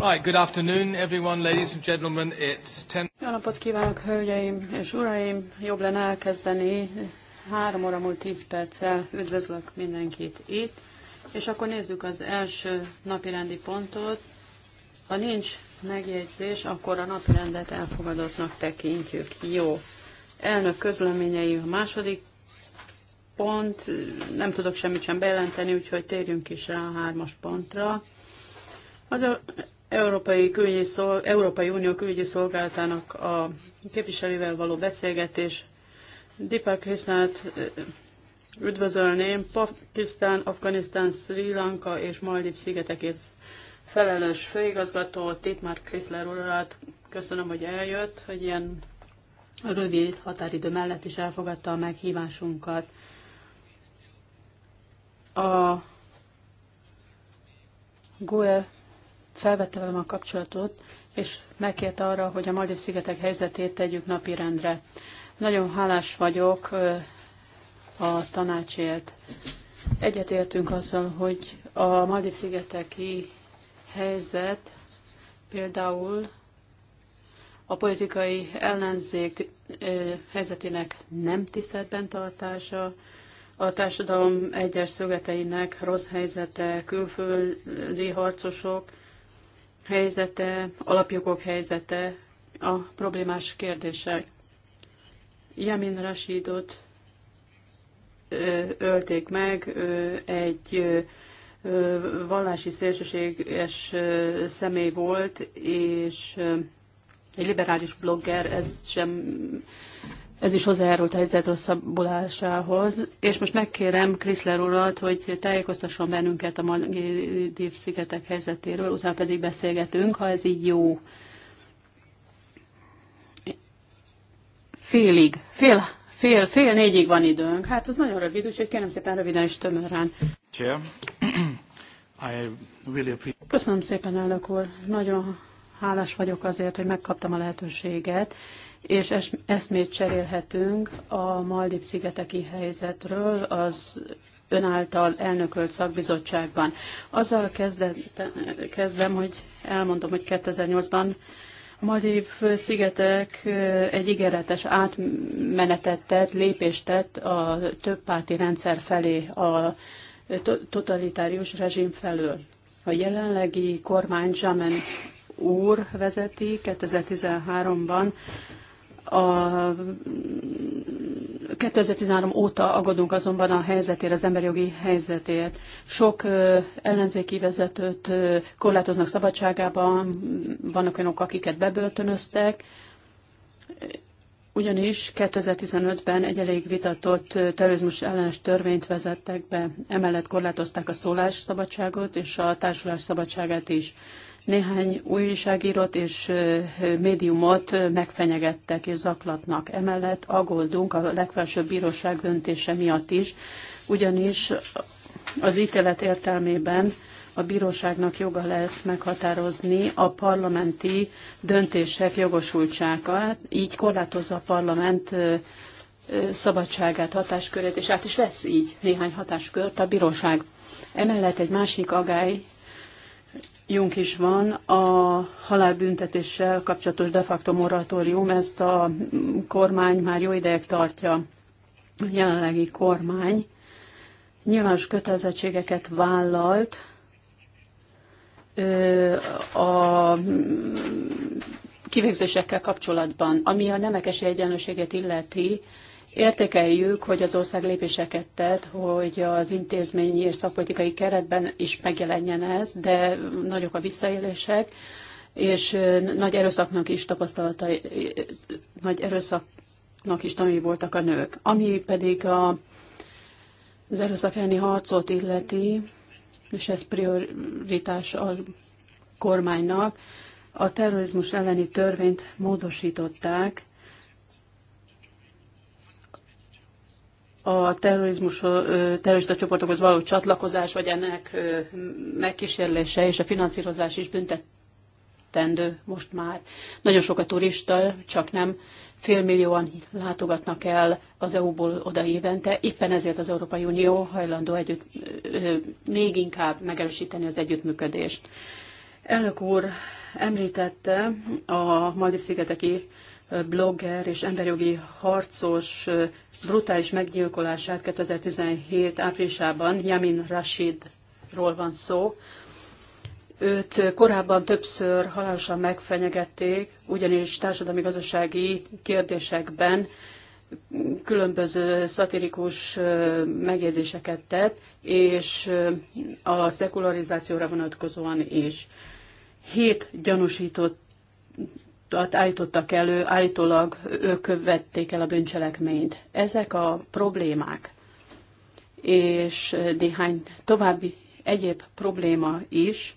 Right, good afternoon everyone, ladies and gentlemen. It's ten... Jó napot kívánok, hölgyeim és uraim! Jobb lenne elkezdeni. Három óra múlt tíz perccel üdvözlök mindenkit itt. És akkor nézzük az első rendi pontot. Ha nincs megjegyzés, akkor a napirendet elfogadottnak tekintjük. Jó. Elnök közleményei a második pont, nem tudok semmit sem bejelenteni, úgyhogy térjünk is rá a hármas pontra. Az Európai, külügyi szol, Európai Unió külügyi szolgálatának a képviselővel való beszélgetés. Dipa Krisznát üdvözölném. Pakisztán, Afganisztán, Sri Lanka és Maldiv szigetekért felelős főigazgató Titmar Kriszler urat köszönöm, hogy eljött, hogy ilyen rövid határidő mellett is elfogadta a meghívásunkat. A GUE felvette velem a kapcsolatot, és megkérte arra, hogy a Maldiv szigetek helyzetét tegyük napirendre. Nagyon hálás vagyok a tanácsért. Egyetértünk azzal, hogy a Maldiv szigeteki helyzet például a politikai ellenzék helyzetének nem tiszteletben tartása, a társadalom egyes szögeteinek rossz helyzete, külföldi harcosok, helyzete, alapjogok helyzete a problémás kérdések. Yamin Rashidot ölték meg egy vallási szélsőséges személy volt, és egy liberális blogger, ez sem ez is hozzájárult a helyzet rosszabbulásához, és most megkérem Kriszler urat, hogy tájékoztasson bennünket a Maldív szigetek helyzetéről, utána pedig beszélgetünk, ha ez így jó. Félig, fél, fél, fél négyig van időnk. Hát az nagyon rövid, úgyhogy kérem szépen röviden és tömören. Köszönöm szépen, elnök úr. Nagyon hálás vagyok azért, hogy megkaptam a lehetőséget és eszmét cserélhetünk a Maldiv szigeteki helyzetről az ön által elnökölt szakbizottságban. Azzal kezdem, hogy elmondom, hogy 2008-ban a Maldiv szigetek eh, egy ígéretes átmenetet tett, lépést tett a többpárti rendszer felé a totalitárius rezsim felől. A jelenlegi kormány Zsamen úr vezeti 2013-ban a 2013 óta agadunk azonban a helyzetért, az emberi jogi helyzetért. Sok ellenzéki vezetőt korlátoznak szabadságában, vannak olyanok, akiket bebörtönöztek, ugyanis 2015-ben egy elég vitatott terrorizmus ellenes törvényt vezettek be, emellett korlátozták a szólásszabadságot és a társulás szabadságát is. Néhány újságírót és médiumot megfenyegettek és zaklatnak. Emellett agoldunk a legfelsőbb bíróság döntése miatt is, ugyanis az ítélet értelmében a bíróságnak joga lesz meghatározni a parlamenti döntések jogosultságát, így korlátozza a parlament szabadságát, hatáskörét, és át is vesz így néhány hatáskört a bíróság. Emellett egy másik agály junk is van a halálbüntetéssel kapcsolatos de facto moratórium, ezt a kormány már jó ideig tartja, a jelenlegi kormány. Nyilvános kötelezettségeket vállalt a kivégzésekkel kapcsolatban, ami a nemekes egyenlőséget illeti, Értékeljük, hogy az ország lépéseket tett, hogy az intézményi és szakpolitikai keretben is megjelenjen ez, de nagyok a visszaélések, és nagy erőszaknak is tapasztalatai, nagy erőszaknak is tanulni voltak a nők. Ami pedig a, az erőszak elleni harcot illeti, és ez prioritás a kormánynak, a terrorizmus elleni törvényt módosították, a terrorizmus, terrorista csoportokhoz való csatlakozás, vagy ennek megkísérlése és a finanszírozás is büntetendő most már. Nagyon sok a turista, csak nem félmillióan látogatnak el az EU-ból oda évente. Éppen ezért az Európai Unió hajlandó együtt, még inkább megerősíteni az együttműködést. Elnök úr említette a Maldiv-szigeteki blogger és emberjogi harcos brutális meggyilkolását 2017 áprilisában Yamin Rashidról van szó. Őt korábban többször halálosan megfenyegették, ugyanis társadalmi-gazdasági kérdésekben különböző szatirikus megjegyzéseket tett, és a szekularizációra vonatkozóan is. Hét gyanúsított állítottak elő, állítólag ők követték el a bűncselekményt. Ezek a problémák és néhány további egyéb probléma is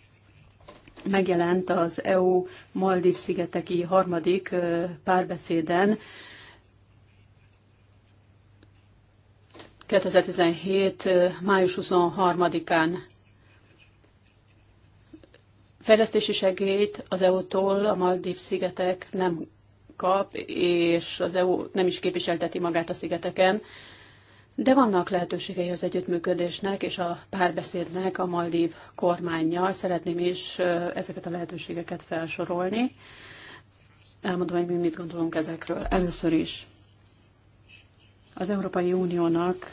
megjelent az EU Maldiv szigeteki harmadik párbeszéden 2017. május 23-án Fejlesztési segélyt az EU-tól a Maldív-szigetek nem kap, és az EU nem is képviselteti magát a szigeteken, de vannak lehetőségei az együttműködésnek és a párbeszédnek a Maldív kormányjal. Szeretném is ezeket a lehetőségeket felsorolni. Elmondom, hogy mi mit gondolunk ezekről. Először is az Európai Uniónak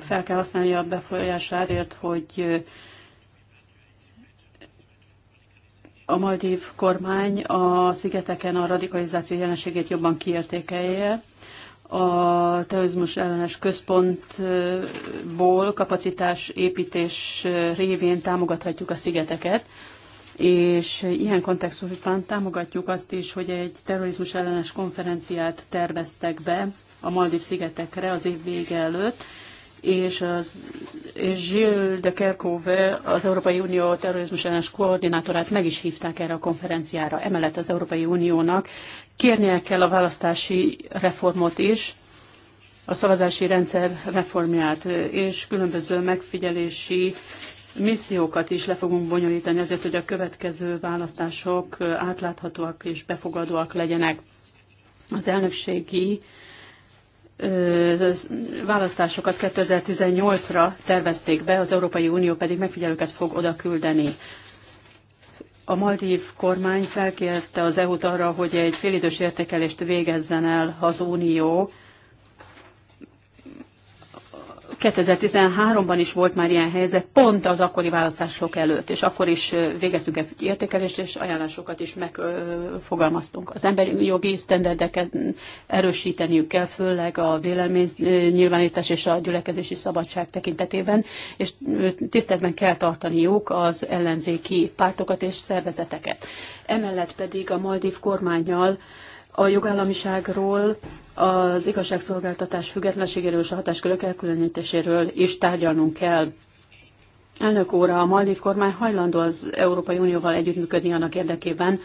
fel kell használni a befolyásáért, hogy a Maldív kormány a szigeteken a radikalizáció jelenségét jobban kiértékelje. A terrorizmus ellenes központból kapacitás építés révén támogathatjuk a szigeteket, és ilyen kontextusban támogatjuk azt is, hogy egy terrorizmus ellenes konferenciát terveztek be a Maldív szigetekre az év vége előtt, és az és Gilles de Kerkove, az Európai Unió terrorizmus ellenes koordinátorát meg is hívták erre a konferenciára. Emellett az Európai Uniónak kérnie kell a választási reformot is, a szavazási rendszer reformját, és különböző megfigyelési missziókat is le fogunk bonyolítani azért, hogy a következő választások átláthatóak és befogadóak legyenek. Az elnökségi választásokat 2018-ra tervezték be, az Európai Unió pedig megfigyelőket fog oda küldeni. A Maldív kormány felkérte az EU-t arra, hogy egy félidős értékelést végezzen el az Unió 2013-ban is volt már ilyen helyzet, pont az akkori választások előtt, és akkor is végeztünk egy értékelést, és ajánlásokat is megfogalmaztunk. Az emberi jogi sztenderdeket erősíteniük kell, főleg a vélemény nyilvánítás és a gyülekezési szabadság tekintetében, és tiszteletben kell tartaniuk az ellenzéki pártokat és szervezeteket. Emellett pedig a Maldív kormányjal a jogállamiságról, az igazságszolgáltatás függetlenségéről és a hatáskörök elkülönítéséről is tárgyalnunk kell. Elnök óra, a Maldív kormány hajlandó az Európai Unióval együttműködni annak érdekében,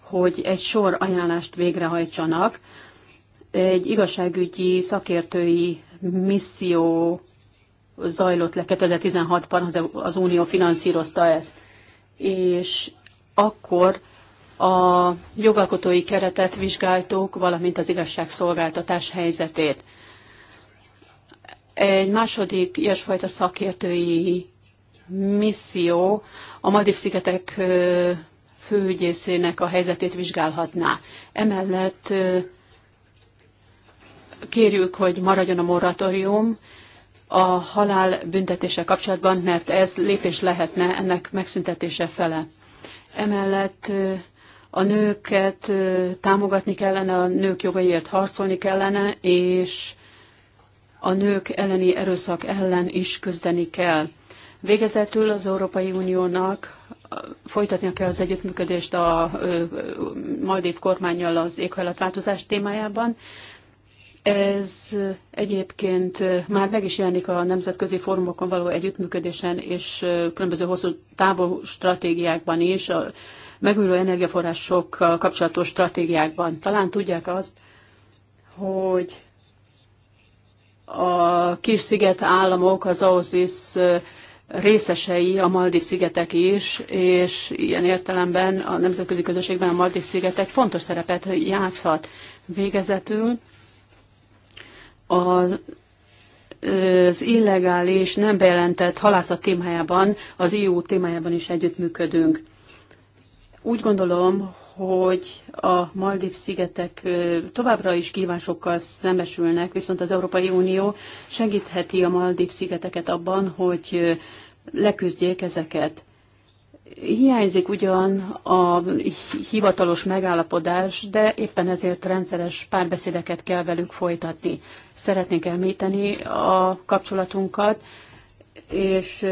hogy egy sor ajánlást végrehajtsanak. Egy igazságügyi szakértői misszió zajlott le 2016-ban, az Unió finanszírozta ezt, és akkor a jogalkotói keretet vizsgáltuk, valamint az igazságszolgáltatás helyzetét. Egy második ilyesfajta szakértői misszió a Madiv-szigetek főügyészének a helyzetét vizsgálhatná. Emellett kérjük, hogy maradjon a moratórium a halál büntetése kapcsolatban, mert ez lépés lehetne ennek megszüntetése fele. Emellett a nőket támogatni kellene, a nők jogaiért harcolni kellene, és a nők elleni erőszak ellen is küzdeni kell. Végezetül az Európai Uniónak folytatnia kell az együttműködést a Maldív kormányjal az éghajlatváltozás témájában. Ez egyébként már meg is jelenik a nemzetközi fórumokon való együttműködésen és különböző hosszú távú stratégiákban is, a megújuló energiaforrásokkal kapcsolatos stratégiákban. Talán tudják azt, hogy a kis sziget államok, az AOSIS részesei a Maldív-szigetek is, és ilyen értelemben a nemzetközi közösségben a Maldív-szigetek fontos szerepet játszhat. Végezetül a az illegális, nem bejelentett halászat témájában, az EU témájában is együttműködünk. Úgy gondolom, hogy a Maldív szigetek továbbra is kívásokkal szembesülnek, viszont az Európai Unió segítheti a Maldív szigeteket abban, hogy leküzdjék ezeket. Hiányzik ugyan a hivatalos megállapodás, de éppen ezért rendszeres párbeszédeket kell velük folytatni. Szeretnénk elméteni a kapcsolatunkat, és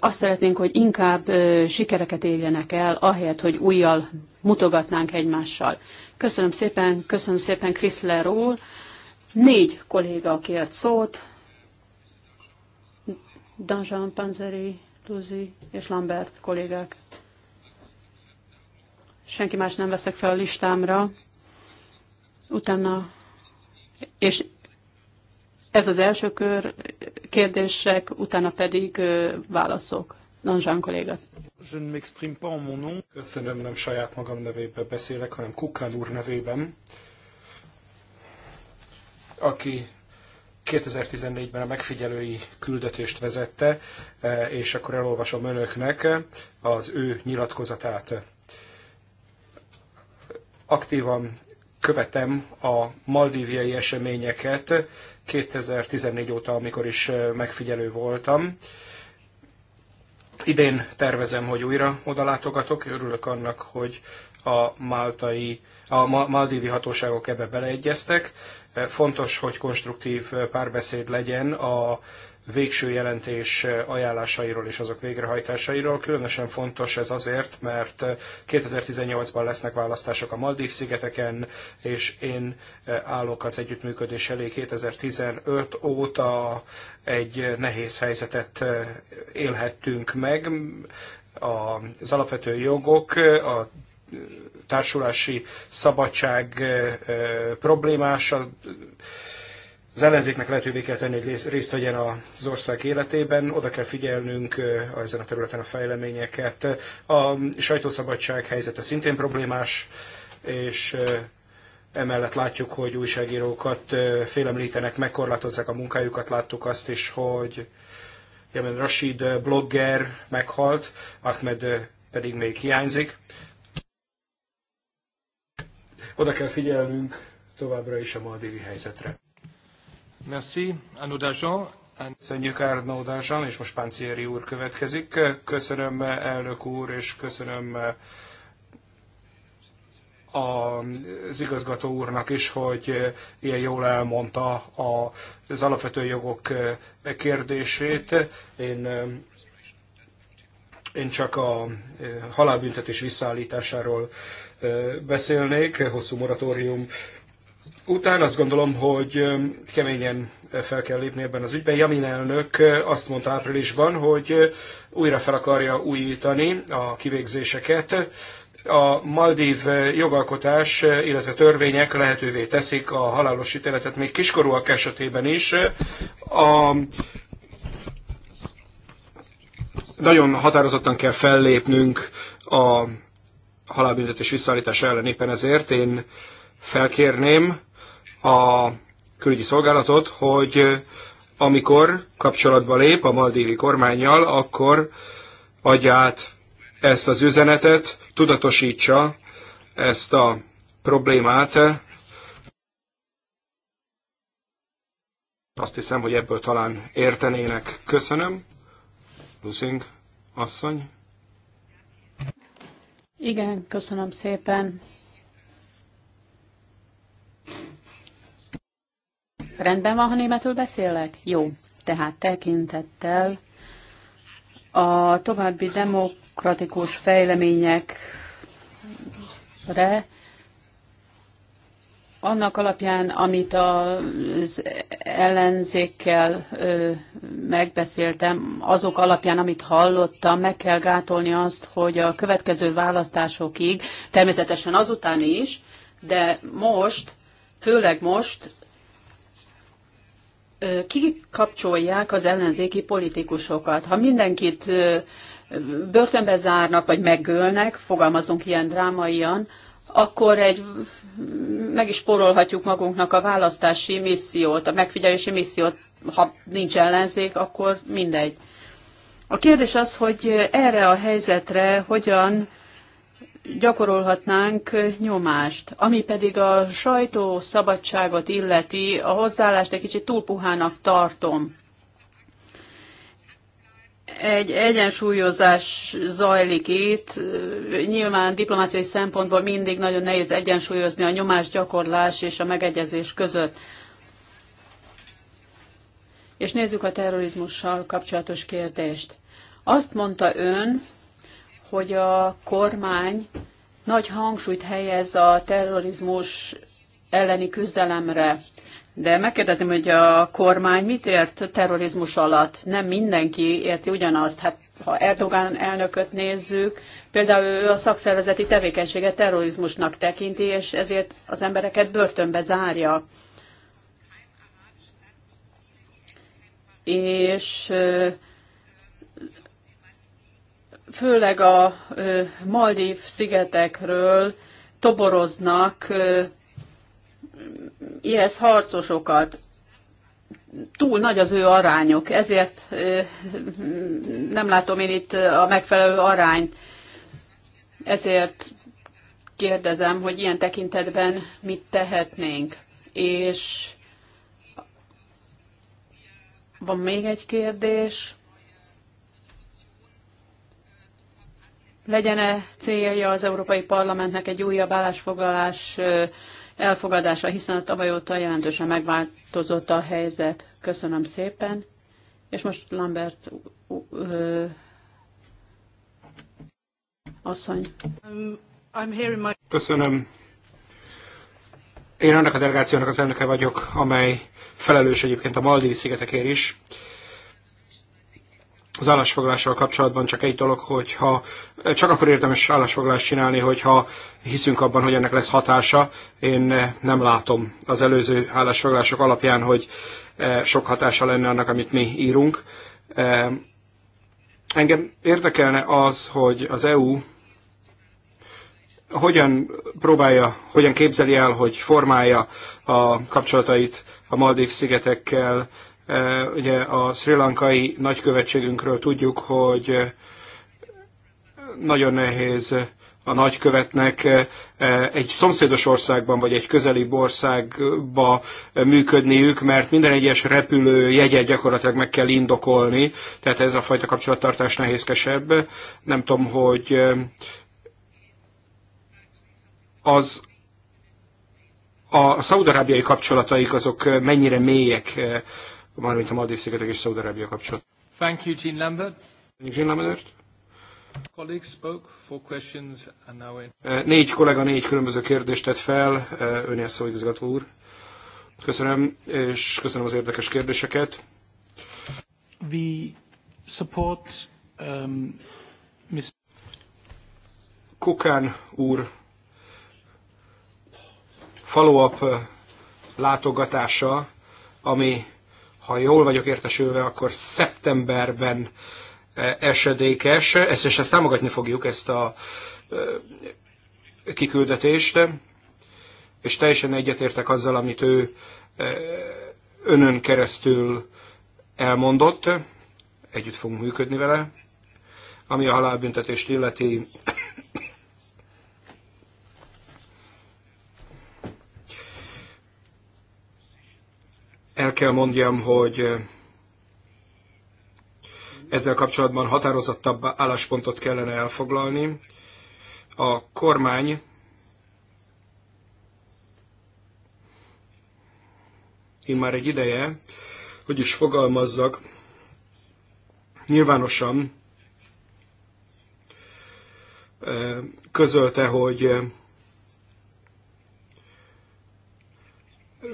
azt szeretnénk, hogy inkább sikereket érjenek el, ahelyett, hogy újjal mutogatnánk egymással. Köszönöm szépen, köszönöm szépen Kriszler úr. Négy kolléga kért szót. Danjean Panzeri, Luzi és Lambert kollégák. Senki más nem veszek fel a listámra. Utána, és ez az első kör kérdések, utána pedig válaszok. Nanzsán kolléga. Je ne m'exprime pas en mon nom. Köszönöm, nem saját magam nevében beszélek, hanem Kukán úr nevében, aki 2014-ben a megfigyelői küldetést vezette, e, és akkor elolvasom önöknek az ő nyilatkozatát. Aktívan követem a maldíviai eseményeket 2014 óta, amikor is megfigyelő voltam. Idén tervezem, hogy újra oda látogatok. Örülök annak, hogy a máltai, a maldívi hatóságok ebbe beleegyeztek. Fontos, hogy konstruktív párbeszéd legyen a végső jelentés ajánlásairól és azok végrehajtásairól. Különösen fontos ez azért, mert 2018-ban lesznek választások a Maldív-szigeteken, és én állok az együttműködés elé 2015 óta egy nehéz helyzetet élhettünk meg. Az alapvető jogok, a társulási szabadság eh, problémása, az ellenzéknek lehetővé kell tenni, hogy részt vegyen az ország életében, oda kell figyelnünk ezen a területen a fejleményeket. A sajtószabadság helyzete szintén problémás, és emellett látjuk, hogy újságírókat félemlítenek, megkorlátozzák a munkájukat, láttuk azt is, hogy Jemen Rashid blogger meghalt, Ahmed pedig még hiányzik. Oda kell figyelnünk továbbra is a maldivi helyzetre. Merci, Arnaud Dajan. Köszönjük Arnaud Dajan, és most Páncieri úr következik. Köszönöm, elnök úr, és köszönöm az igazgató úrnak is, hogy ilyen jól elmondta az alapvető jogok kérdését. Én, én csak a halálbüntetés visszaállításáról beszélnék, hosszú moratórium után azt gondolom, hogy keményen fel kell lépni ebben az ügyben. Jamin elnök azt mondta áprilisban, hogy újra fel akarja újítani a kivégzéseket. A Maldív jogalkotás, illetve törvények lehetővé teszik a halálos ítéletet még kiskorúak esetében is. A nagyon határozottan kell fellépnünk a halálbüntetés visszaállítása ellen éppen ezért. Én felkérném a külügyi szolgálatot, hogy amikor kapcsolatba lép a maldívi kormányjal, akkor adja át ezt az üzenetet, tudatosítsa ezt a problémát. Azt hiszem, hogy ebből talán értenének. Köszönöm. Lusing, asszony. Igen, köszönöm szépen. Rendben van, ha németül beszélek? Jó. Tehát tekintettel a további demokratikus fejleményekre annak alapján, amit az ellenzékkel ö, megbeszéltem, azok alapján, amit hallottam, meg kell gátolni azt, hogy a következő választásokig, természetesen azután is, de most, főleg most kikapcsolják az ellenzéki politikusokat. Ha mindenkit börtönbe zárnak, vagy megölnek, fogalmazunk ilyen drámaian, akkor egy, meg is porolhatjuk magunknak a választási missziót, a megfigyelési missziót, ha nincs ellenzék, akkor mindegy. A kérdés az, hogy erre a helyzetre hogyan gyakorolhatnánk nyomást. Ami pedig a sajtó szabadságot illeti, a hozzáállást egy kicsit túl puhának tartom. Egy egyensúlyozás zajlik itt. Nyilván diplomáciai szempontból mindig nagyon nehéz egyensúlyozni a gyakorlás és a megegyezés között. És nézzük a terrorizmussal kapcsolatos kérdést. Azt mondta ön, hogy a kormány nagy hangsúlyt helyez a terrorizmus elleni küzdelemre. De megkérdezem, hogy a kormány mit ért terrorizmus alatt? Nem mindenki érti ugyanazt. Hát ha Erdogán elnököt nézzük, például ő a szakszervezeti tevékenységet terrorizmusnak tekinti, és ezért az embereket börtönbe zárja. És főleg a Maldív szigetekről toboroznak ehhez harcosokat. Túl nagy az ő arányok, ezért nem látom én itt a megfelelő arányt. Ezért kérdezem, hogy ilyen tekintetben mit tehetnénk. És van még egy kérdés. legyen-e célja az Európai Parlamentnek egy újabb állásfoglalás elfogadása, hiszen a tavaly óta jelentősen megváltozott a helyzet. Köszönöm szépen. És most Lambert asszony. Köszönöm. Én annak a delegációnak az elnöke vagyok, amely felelős egyébként a Maldív szigetekért is az állásfoglással kapcsolatban csak egy dolog, hogyha csak akkor érdemes állásfoglalást csinálni, hogyha hiszünk abban, hogy ennek lesz hatása. Én eh, nem látom az előző állásfoglalások alapján, hogy eh, sok hatása lenne annak, amit mi írunk. Eh, engem érdekelne az, hogy az EU hogyan próbálja, hogyan képzeli el, hogy formálja a kapcsolatait a Maldív szigetekkel, Ugye a sri lankai nagykövetségünkről tudjuk, hogy nagyon nehéz a nagykövetnek egy szomszédos országban vagy egy közeli országba működniük, mert minden egyes repülő jegyet gyakorlatilag meg kell indokolni, tehát ez a fajta kapcsolattartás nehézkesebb. Nem tudom, hogy az a szaudarábiai kapcsolataik azok mennyire mélyek mármint a Maldiv szigetek és Szaudarábia kapcsolat. Thank you, Jean Lambert. Jean Lambert. Colleagues spoke, four questions and now in... Eh, négy kollega négy különböző kérdést tett fel, eh, önél szó igazgató úr. Köszönöm, és köszönöm az érdekes kérdéseket. We support um, Mr. Kukán úr follow-up eh, látogatása, ami ha jól vagyok értesülve, akkor szeptemberben e, esedékes, ezt és ezt támogatni fogjuk, ezt a e, kiküldetést, és teljesen egyetértek azzal, amit ő e, önön keresztül elmondott, együtt fogunk működni vele. Ami a halálbüntetést illeti, el kell mondjam, hogy eh, ezzel kapcsolatban határozottabb álláspontot kellene elfoglalni. A kormány én már egy ideje, hogy is fogalmazzak, nyilvánosan eh, közölte, hogy eh,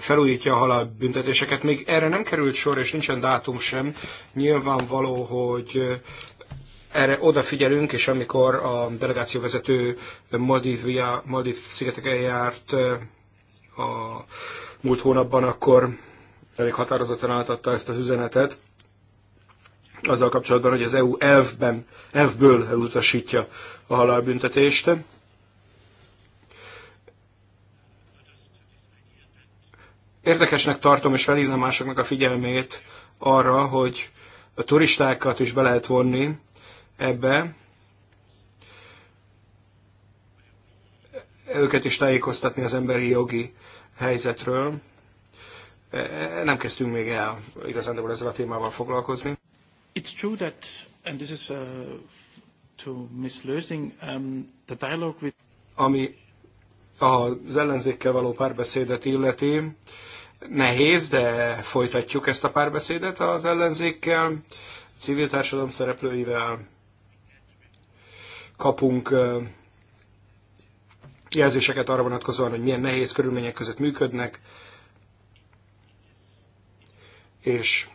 felújítja a halálbüntetéseket. Még erre nem került sor, és nincsen dátum sem. Nyilvánvaló, hogy eh, erre odafigyelünk, és amikor a delegációvezető Maldivia, Maldiv szigeteken járt eh, a múlt hónapban, akkor elég határozottan átadta ezt az üzenetet azzal kapcsolatban, hogy az EU elvben, elvből elutasítja a halálbüntetést. Érdekesnek tartom, és felhívnám másoknak a figyelmét arra, hogy a turistákat is be lehet vonni ebbe, őket is tájékoztatni az emberi jogi helyzetről. E, nem kezdtünk még el igazándiból ezzel a témával foglalkozni. It's true that, and this is uh, to Miss Lösing, um, the dialogue with... Ami az ellenzékkel való párbeszédet illeti, nehéz, de folytatjuk ezt a párbeszédet az ellenzékkel, civil társadalom szereplőivel kapunk jelzéseket arra vonatkozóan, hogy milyen nehéz körülmények között működnek, és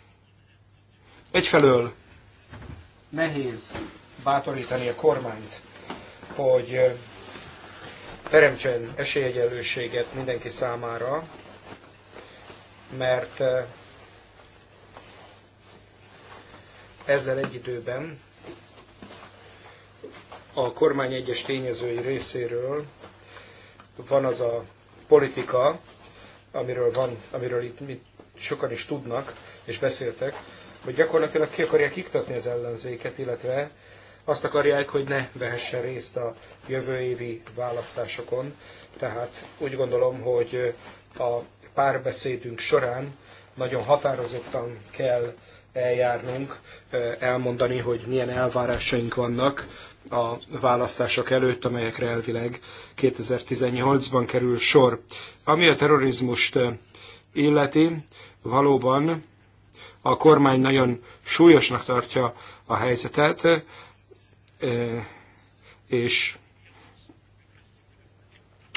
egyfelől nehéz bátorítani a kormányt, hogy teremtsen esélyegyenlőséget mindenki számára, mert eh, ezzel egy időben a kormány egyes tényezői részéről van az a politika, amiről, van, amiről itt mit sokan is tudnak, és beszéltek, hogy gyakorlatilag ki akarják iktatni az ellenzéket, illetve azt akarják, hogy ne vehessen részt a jövő évi választásokon. Tehát úgy gondolom, hogy a párbeszédünk során nagyon határozottan kell eljárnunk, elmondani, hogy milyen elvárásaink vannak a választások előtt, amelyekre elvileg 2018-ban kerül sor. Ami a terrorizmust illeti, valóban a kormány nagyon súlyosnak tartja a helyzetet, és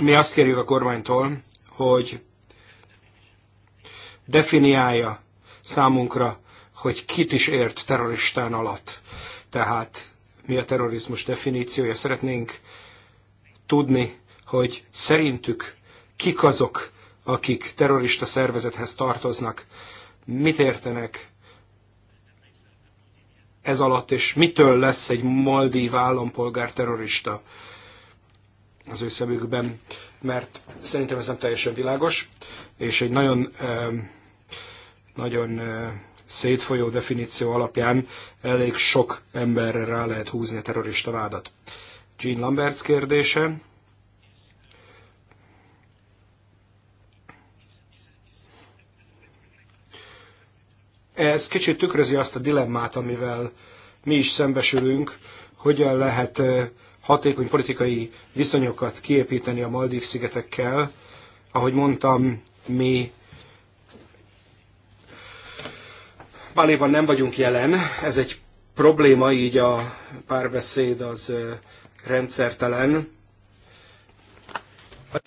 mi azt kérjük a kormánytól, hogy definiálja számunkra, hogy kit is ért terroristán alatt. Tehát mi a terrorizmus definíciója. Szeretnénk tudni, hogy szerintük kik azok, akik terrorista szervezethez tartoznak, mit értenek ez alatt, és mitől lesz egy maldív állampolgár terrorista az ő szemükben, mert szerintem ez nem teljesen világos, és egy nagyon, nagyon szétfolyó definíció alapján elég sok emberre rá lehet húzni a terrorista vádat. Jean Lamberts kérdése. Ez kicsit tükrözi azt a dilemmát, amivel mi is szembesülünk, hogyan lehet hatékony politikai viszonyokat kiépíteni a Maldív-szigetekkel. Ahogy mondtam, mi Máléban nem vagyunk jelen, ez egy probléma, így a párbeszéd az rendszertelen, a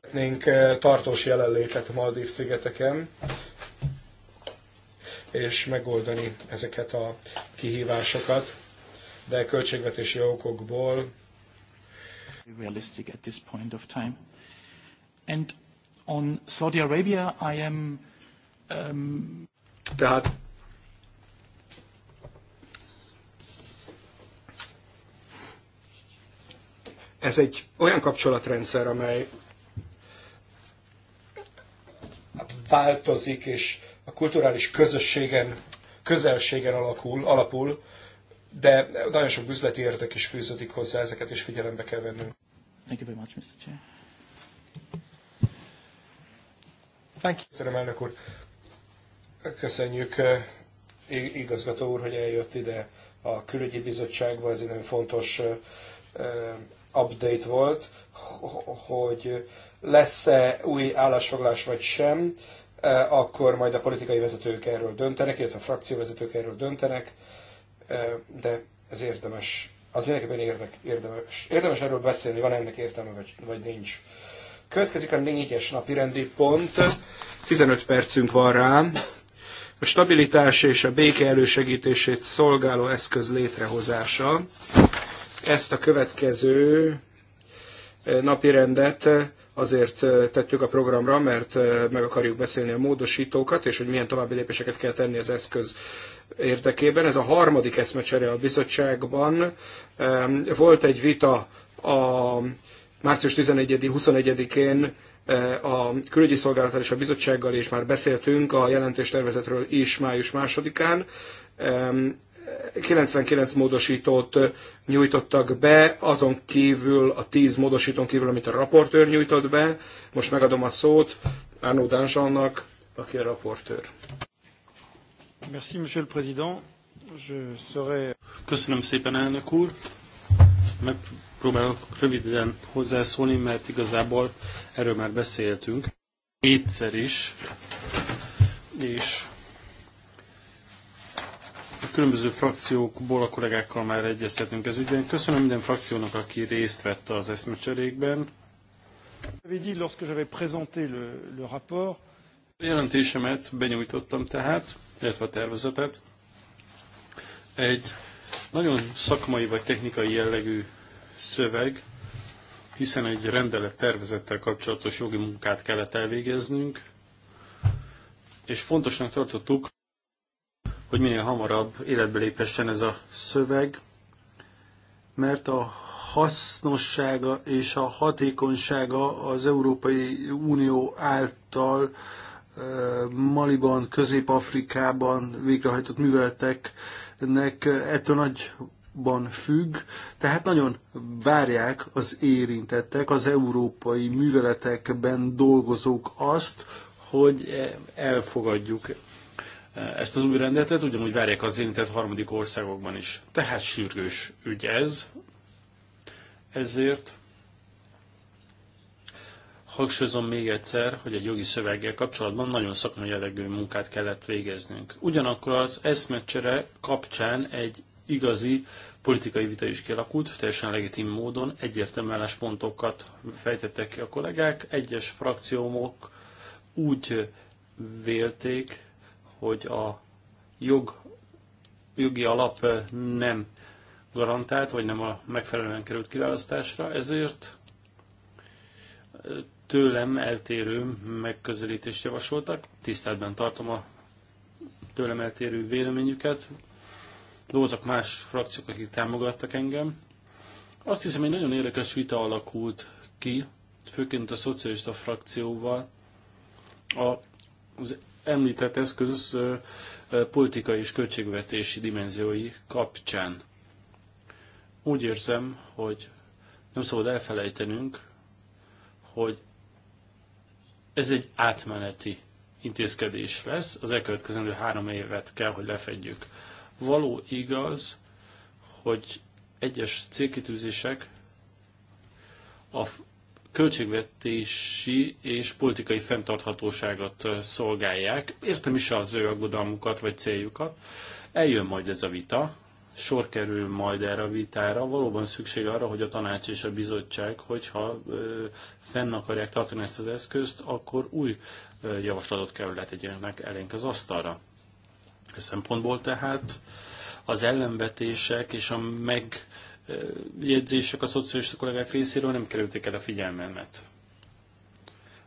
Szeretnénk tartós jelenlétet a Maldív szigeteken, és megoldani ezeket a kihívásokat, de költségvetési okokból realistic at this point of time. And on Saudi Arabia, I am um... tehát Ez egy olyan kapcsolatrendszer, amely változik, és a kulturális közösségen, közelségen alakul, alapul, de nagyon sok üzleti érdek is fűződik hozzá, ezeket is figyelembe kell vennünk. Thank you very much, Mr. Chair. Thank you. Köszönöm, elnök úr. Köszönjük, eh, igazgató úr, hogy eljött ide a külügyi bizottságba, ez egy nagyon fontos eh, eh, update volt, hogy lesz-e új állásfoglalás vagy sem, e, akkor majd a politikai vezetők erről döntenek, illetve a frakcióvezetők erről döntenek, e, de ez érdemes, az mindenképpen érdek, érdemes, érdemes erről beszélni, van ennek értelme, vagy, vagy nincs. Következik a négyes napi rendi pont, 15 percünk van rá. A stabilitás és a béke elősegítését szolgáló eszköz létrehozása. Ezt a következő eh, napi rendet eh, azért eh, tettük a programra, mert meg akarjuk beszélni a módosítókat, és hogy milyen további lépéseket kell tenni az eszköz érdekében. Ez a harmadik eszmecsere a bizottságban. Volt egy vita a március 11-21-én a külügyi szolgálattal és a bizottsággal, és már beszéltünk a jelentéstervezetről is május másodikán. 99 módosítót nyújtottak be, azon kívül a 10 módosítón kívül, amit a raportőr nyújtott be. Most megadom a szót Arnaud Danzsannak, aki a raportőr. Merci, monsieur le président. Je serai... Köszönöm szépen, elnök úr. Megpróbálok röviden hozzászólni, mert igazából erről már beszéltünk. Kétszer is, és a különböző frakciókból a kollégákkal már egyeztetünk ez ügyben. Köszönöm minden frakciónak, aki részt vett az eszmecserékben. A jelentésemet benyújtottam tehát, illetve a tervezetet. Egy nagyon szakmai vagy technikai jellegű szöveg, hiszen egy rendelet tervezettel kapcsolatos jogi munkát kellett elvégeznünk, és fontosnak tartottuk, hogy minél hamarabb életbe lépessen ez a szöveg, mert a hasznossága és a hatékonysága az Európai Unió által Maliban, Közép-Afrikában végrehajtott műveleteknek ettől nagyban függ, tehát nagyon várják az érintettek, az európai műveletekben dolgozók azt, hogy eh, elfogadjuk ezt az új rendeletet, ugyanúgy várják az érintett harmadik országokban is. Tehát sürgős ügy ez, ezért hangsúlyozom még egyszer, hogy egy jogi szöveggel kapcsolatban nagyon szakmai jellegű munkát kellett végeznünk. Ugyanakkor az eszmecsere kapcsán egy igazi politikai vita is kialakult, teljesen legitim módon egyértelmű álláspontokat fejtettek ki a kollégák. Egyes frakciómok úgy vélték, hogy a jog, jogi alap eh, nem garantált, vagy nem a megfelelően került kiválasztásra, ezért eh, tőlem eltérő megközelítést javasoltak. tiszteltben tartom a tőlem eltérő véleményüket. Voltak más frakciók, akik támogattak engem. Azt hiszem, egy nagyon érdekes vita alakult ki, főként a szocialista frakcióval, az említett eszköz politikai és költségvetési dimenziói kapcsán. Úgy érzem, hogy nem szabad elfelejtenünk, hogy ez egy átmeneti intézkedés lesz, az elkövetkezendő három évet kell, hogy lefedjük. Való igaz, hogy egyes célkitűzések a költségvetési és politikai fenntarthatóságot szolgálják. Értem is az ő aggodalmukat vagy céljukat. Eljön majd ez a vita, sor kerül majd erre a vitára. Valóban szükség arra, hogy a tanács és a bizottság, hogyha fenn akarják tartani ezt az eszközt, akkor új javaslatot kell letegyenek elénk az asztalra. E szempontból tehát az ellenvetések és a meg jegyzések a szocialista kollégák részéről nem kerülték el a figyelmemet.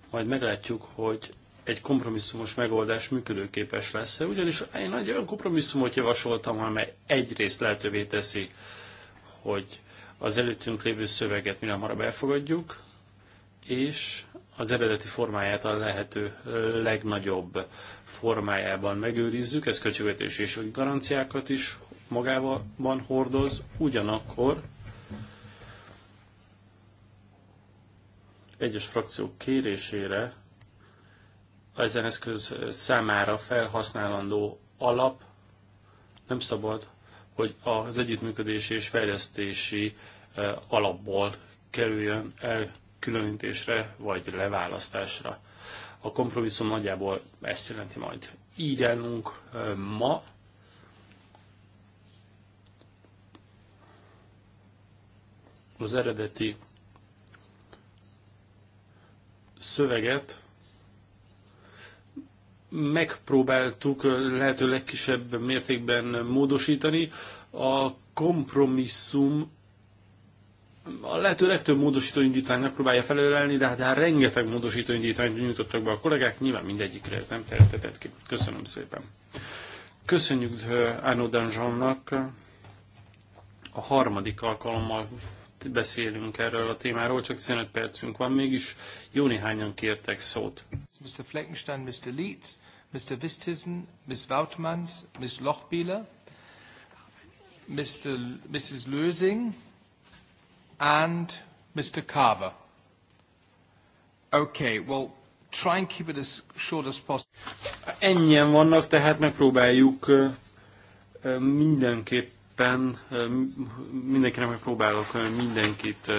Majd meglátjuk, hogy egy kompromisszumos megoldás működőképes lesz -e, ugyanis egy egy olyan kompromisszumot javasoltam, amely egyrészt lehetővé teszi, hogy az előttünk lévő szöveget minél hamarabb elfogadjuk, és az eredeti formáját a lehető legnagyobb formájában megőrizzük, ez költségvetési és garanciákat is magában hordoz, ugyanakkor egyes frakciók kérésére ezen eszköz számára felhasználandó alap nem szabad, hogy az együttműködési és fejlesztési e, alapból kerüljön különítésre vagy leválasztásra. A kompromisszum nagyjából ezt jelenti majd. Így állunk e, ma, az eredeti szöveget megpróbáltuk lehető legkisebb mértékben módosítani. A kompromisszum a lehető legtöbb módosító indítványt megpróbálja felölelni, de hát, de hát rengeteg módosító indítványt nyújtottak be a kollégák, nyilván mindegyikre ez nem terjedett ki. Köszönöm szépen. Köszönjük Ánó eh, Danzsannak. A harmadik alkalommal beszélünk erről a témáról, csak 15 percünk van, mégis jó néhányan kértek szót. Mr. Fleckenstein, Mr. Leeds, Mr. Vistisen, Ms. Woutmans, Ms. Lochbieler, Mr. Mrs. Lösing and Mr. Carver. Okay, well, try and keep it as short as possible. Ennyien vannak, tehát megpróbáljuk mindenképp mindenképpen mindenkinek megpróbálok mindenkit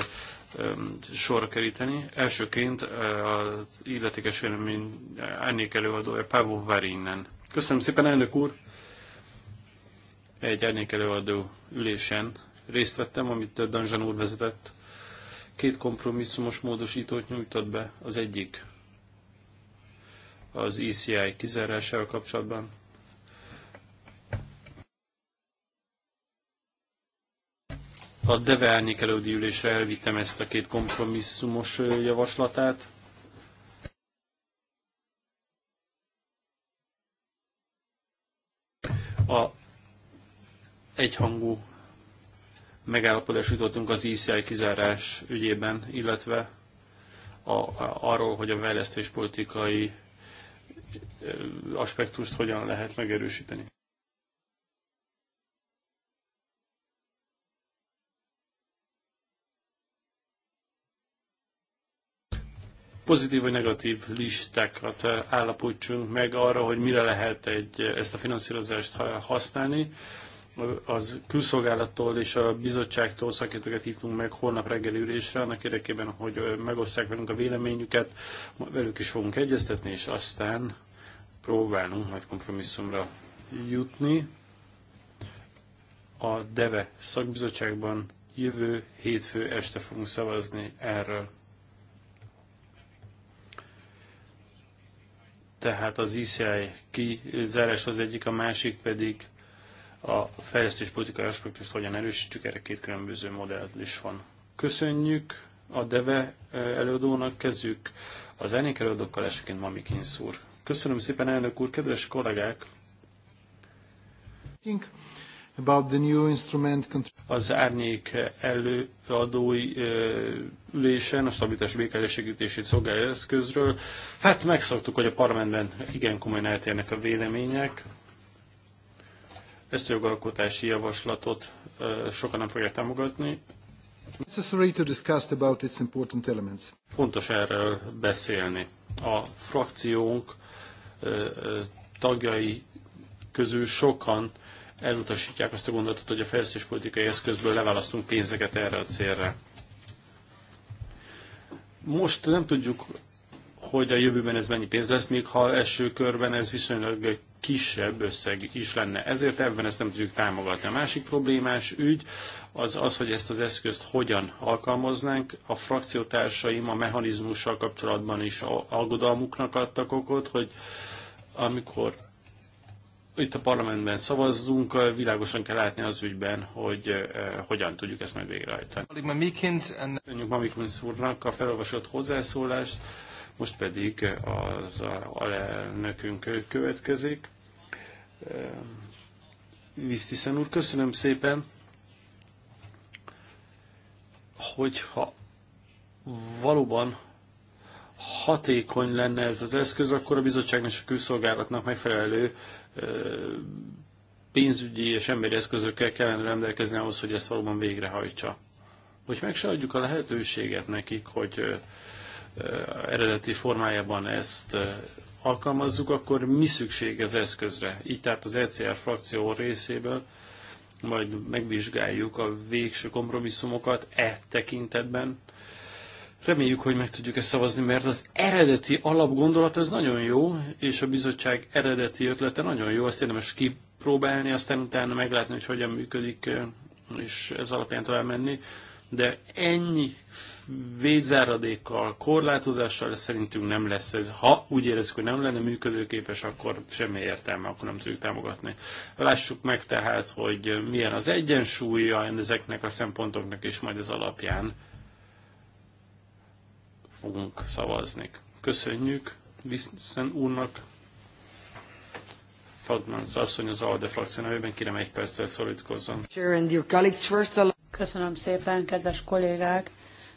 sorra keríteni. Elsőként az illetékes vélemény ennék előadója Pávó Varinen. Köszönöm szépen, elnök úr! Egy ennék előadó ülésen részt vettem, amit Danzsan úr vezetett. Két kompromisszumos módosítót nyújtott be. Az egyik az ECI kizárásával kapcsolatban, A Deve Árnyék elődi ülésre elvittem ezt a két kompromisszumos javaslatát. A egyhangú megállapodás jutottunk az ICI e kizárás ügyében, illetve a, a, arról, hogy a fejlesztéspolitikai aspektust hogyan lehet megerősíteni. pozitív vagy negatív listákat eh, állapítsunk meg arra, hogy mire lehet egy, eh, ezt a finanszírozást használni. Az külszolgálattól és a bizottságtól szakértőket hívtunk meg holnap reggeli ülésre, annak érdekében, hogy eh, megosszák velünk a véleményüket, velük is fogunk egyeztetni, és aztán próbálunk majd kompromisszumra jutni. A DEVE szakbizottságban jövő hétfő este fogunk szavazni erről. tehát az ICI e kizárás az egyik, a másik pedig a politikai aspektust hogyan erősítsük, erre két különböző modell is van. Köszönjük a DEVE eh, előadónak, kezdjük az elnék előadókkal, esként Mamikins úr. Köszönöm szépen, elnök úr, kedves kollégák! about the new instrument az árnyék előadói ülésen a stabilitás békességítését szolgáló eszközről. Hát megszoktuk, hogy a parlamentben igen komolyan eltérnek a vélemények. Ezt a jogalkotási javaslatot sokan nem fogják támogatni. Necessary to discuss about its important elements. Fontos erről beszélni. A frakciónk tagjai közül sokan elutasítják azt a gondolatot, hogy a fejlesztéspolitikai eszközből leválasztunk pénzeket erre a célra. Most nem tudjuk, hogy a jövőben ez mennyi pénz lesz, még ha első körben ez viszonylag kisebb összeg is lenne. Ezért ebben ezt nem tudjuk támogatni. A másik problémás ügy az az, hogy ezt az eszközt hogyan alkalmaznánk. A frakciótársaim a mechanizmussal kapcsolatban is aggodalmuknak adtak okot, hogy amikor itt a parlamentben szavazzunk, világosan kell látni az ügyben, hogy eh, hogyan tudjuk ezt majd végrehajtani. Köszönjük Mamikins úrnak a felolvasott hozzászólást, most pedig az alelnökünk következik. Eh, Visztiszen úr, köszönöm szépen, hogyha valóban hatékony lenne ez az eszköz, akkor a bizottságnak és a külszolgálatnak megfelelő pénzügyi és emberi eszközökkel kellene rendelkezni ahhoz, hogy ezt valóban végrehajtsa. Hogy meg se adjuk a lehetőséget nekik, hogy eredeti formájában ezt alkalmazzuk, akkor mi szükség az eszközre? Így tehát az ECR frakció részéből majd megvizsgáljuk a végső kompromisszumokat e tekintetben, Reméljük, hogy meg tudjuk ezt szavazni, mert az eredeti alapgondolat az nagyon jó, és a bizottság eredeti ötlete nagyon jó, azt érdemes kipróbálni, aztán utána meglátni, hogy hogyan működik, eh, és ez alapján tovább menni. De ennyi védzáradékkal, korlátozással ez szerintünk nem lesz ez. Ha úgy érezzük, hogy nem lenne működőképes, akkor semmi értelme, akkor nem tudjuk támogatni. Lássuk meg tehát, hogy milyen az egyensúlya ezeknek a szempontoknak, és majd az alapján fogunk szavazni. Köszönjük Viszen úrnak. Fadmanz asszony az ALDE frakció nevében, kérem egy perccel szorítkozzon. Köszönöm szépen, kedves kollégák!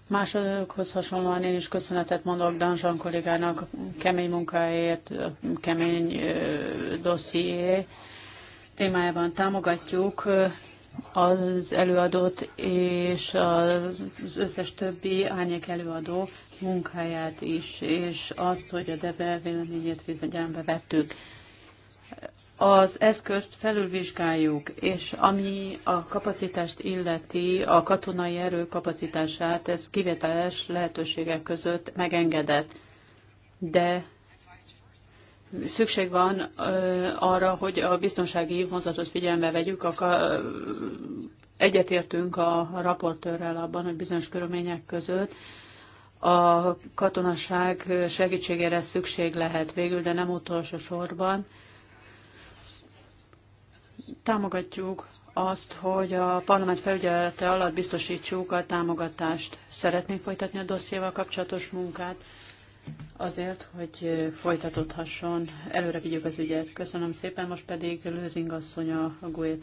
Másodokhoz hasonlóan én is köszönetet mondok Danzsan kollégának kemény munkáért, kemény dosszié témájában támogatjuk az előadót és az összes többi árnyék előadó munkáját is, és azt, hogy a DEVE véleményét figyelembe vettük. Az eszközt felülvizsgáljuk, és ami a kapacitást illeti, a katonai erő kapacitását, ez kivételes lehetőségek között megengedett. De szükség van arra, hogy a biztonsági vonzatot figyelme vegyük. A, egyetértünk a raportőrrel abban, hogy bizonyos körülmények között a katonaság segítségére szükség lehet végül, de nem utolsó sorban. Támogatjuk azt, hogy a parlament felügyelete alatt biztosítsuk a támogatást. Szeretnénk folytatni a dossziéval kapcsolatos munkát azért, hogy folytatódhasson. Előre vigyük az ügyet. Köszönöm szépen, most pedig Lőzing asszony a gue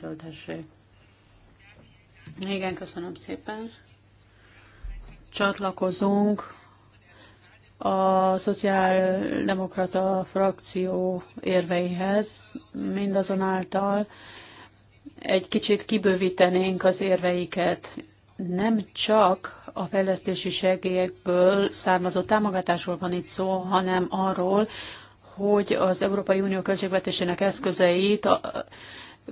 Igen, köszönöm szépen csatlakozunk a szociáldemokrata frakció érveihez, mindazonáltal egy kicsit kibővítenénk az érveiket. Nem csak a fejlesztési segélyekből származó támogatásról van itt szó, hanem arról, hogy az Európai Unió költségvetésének eszközeit a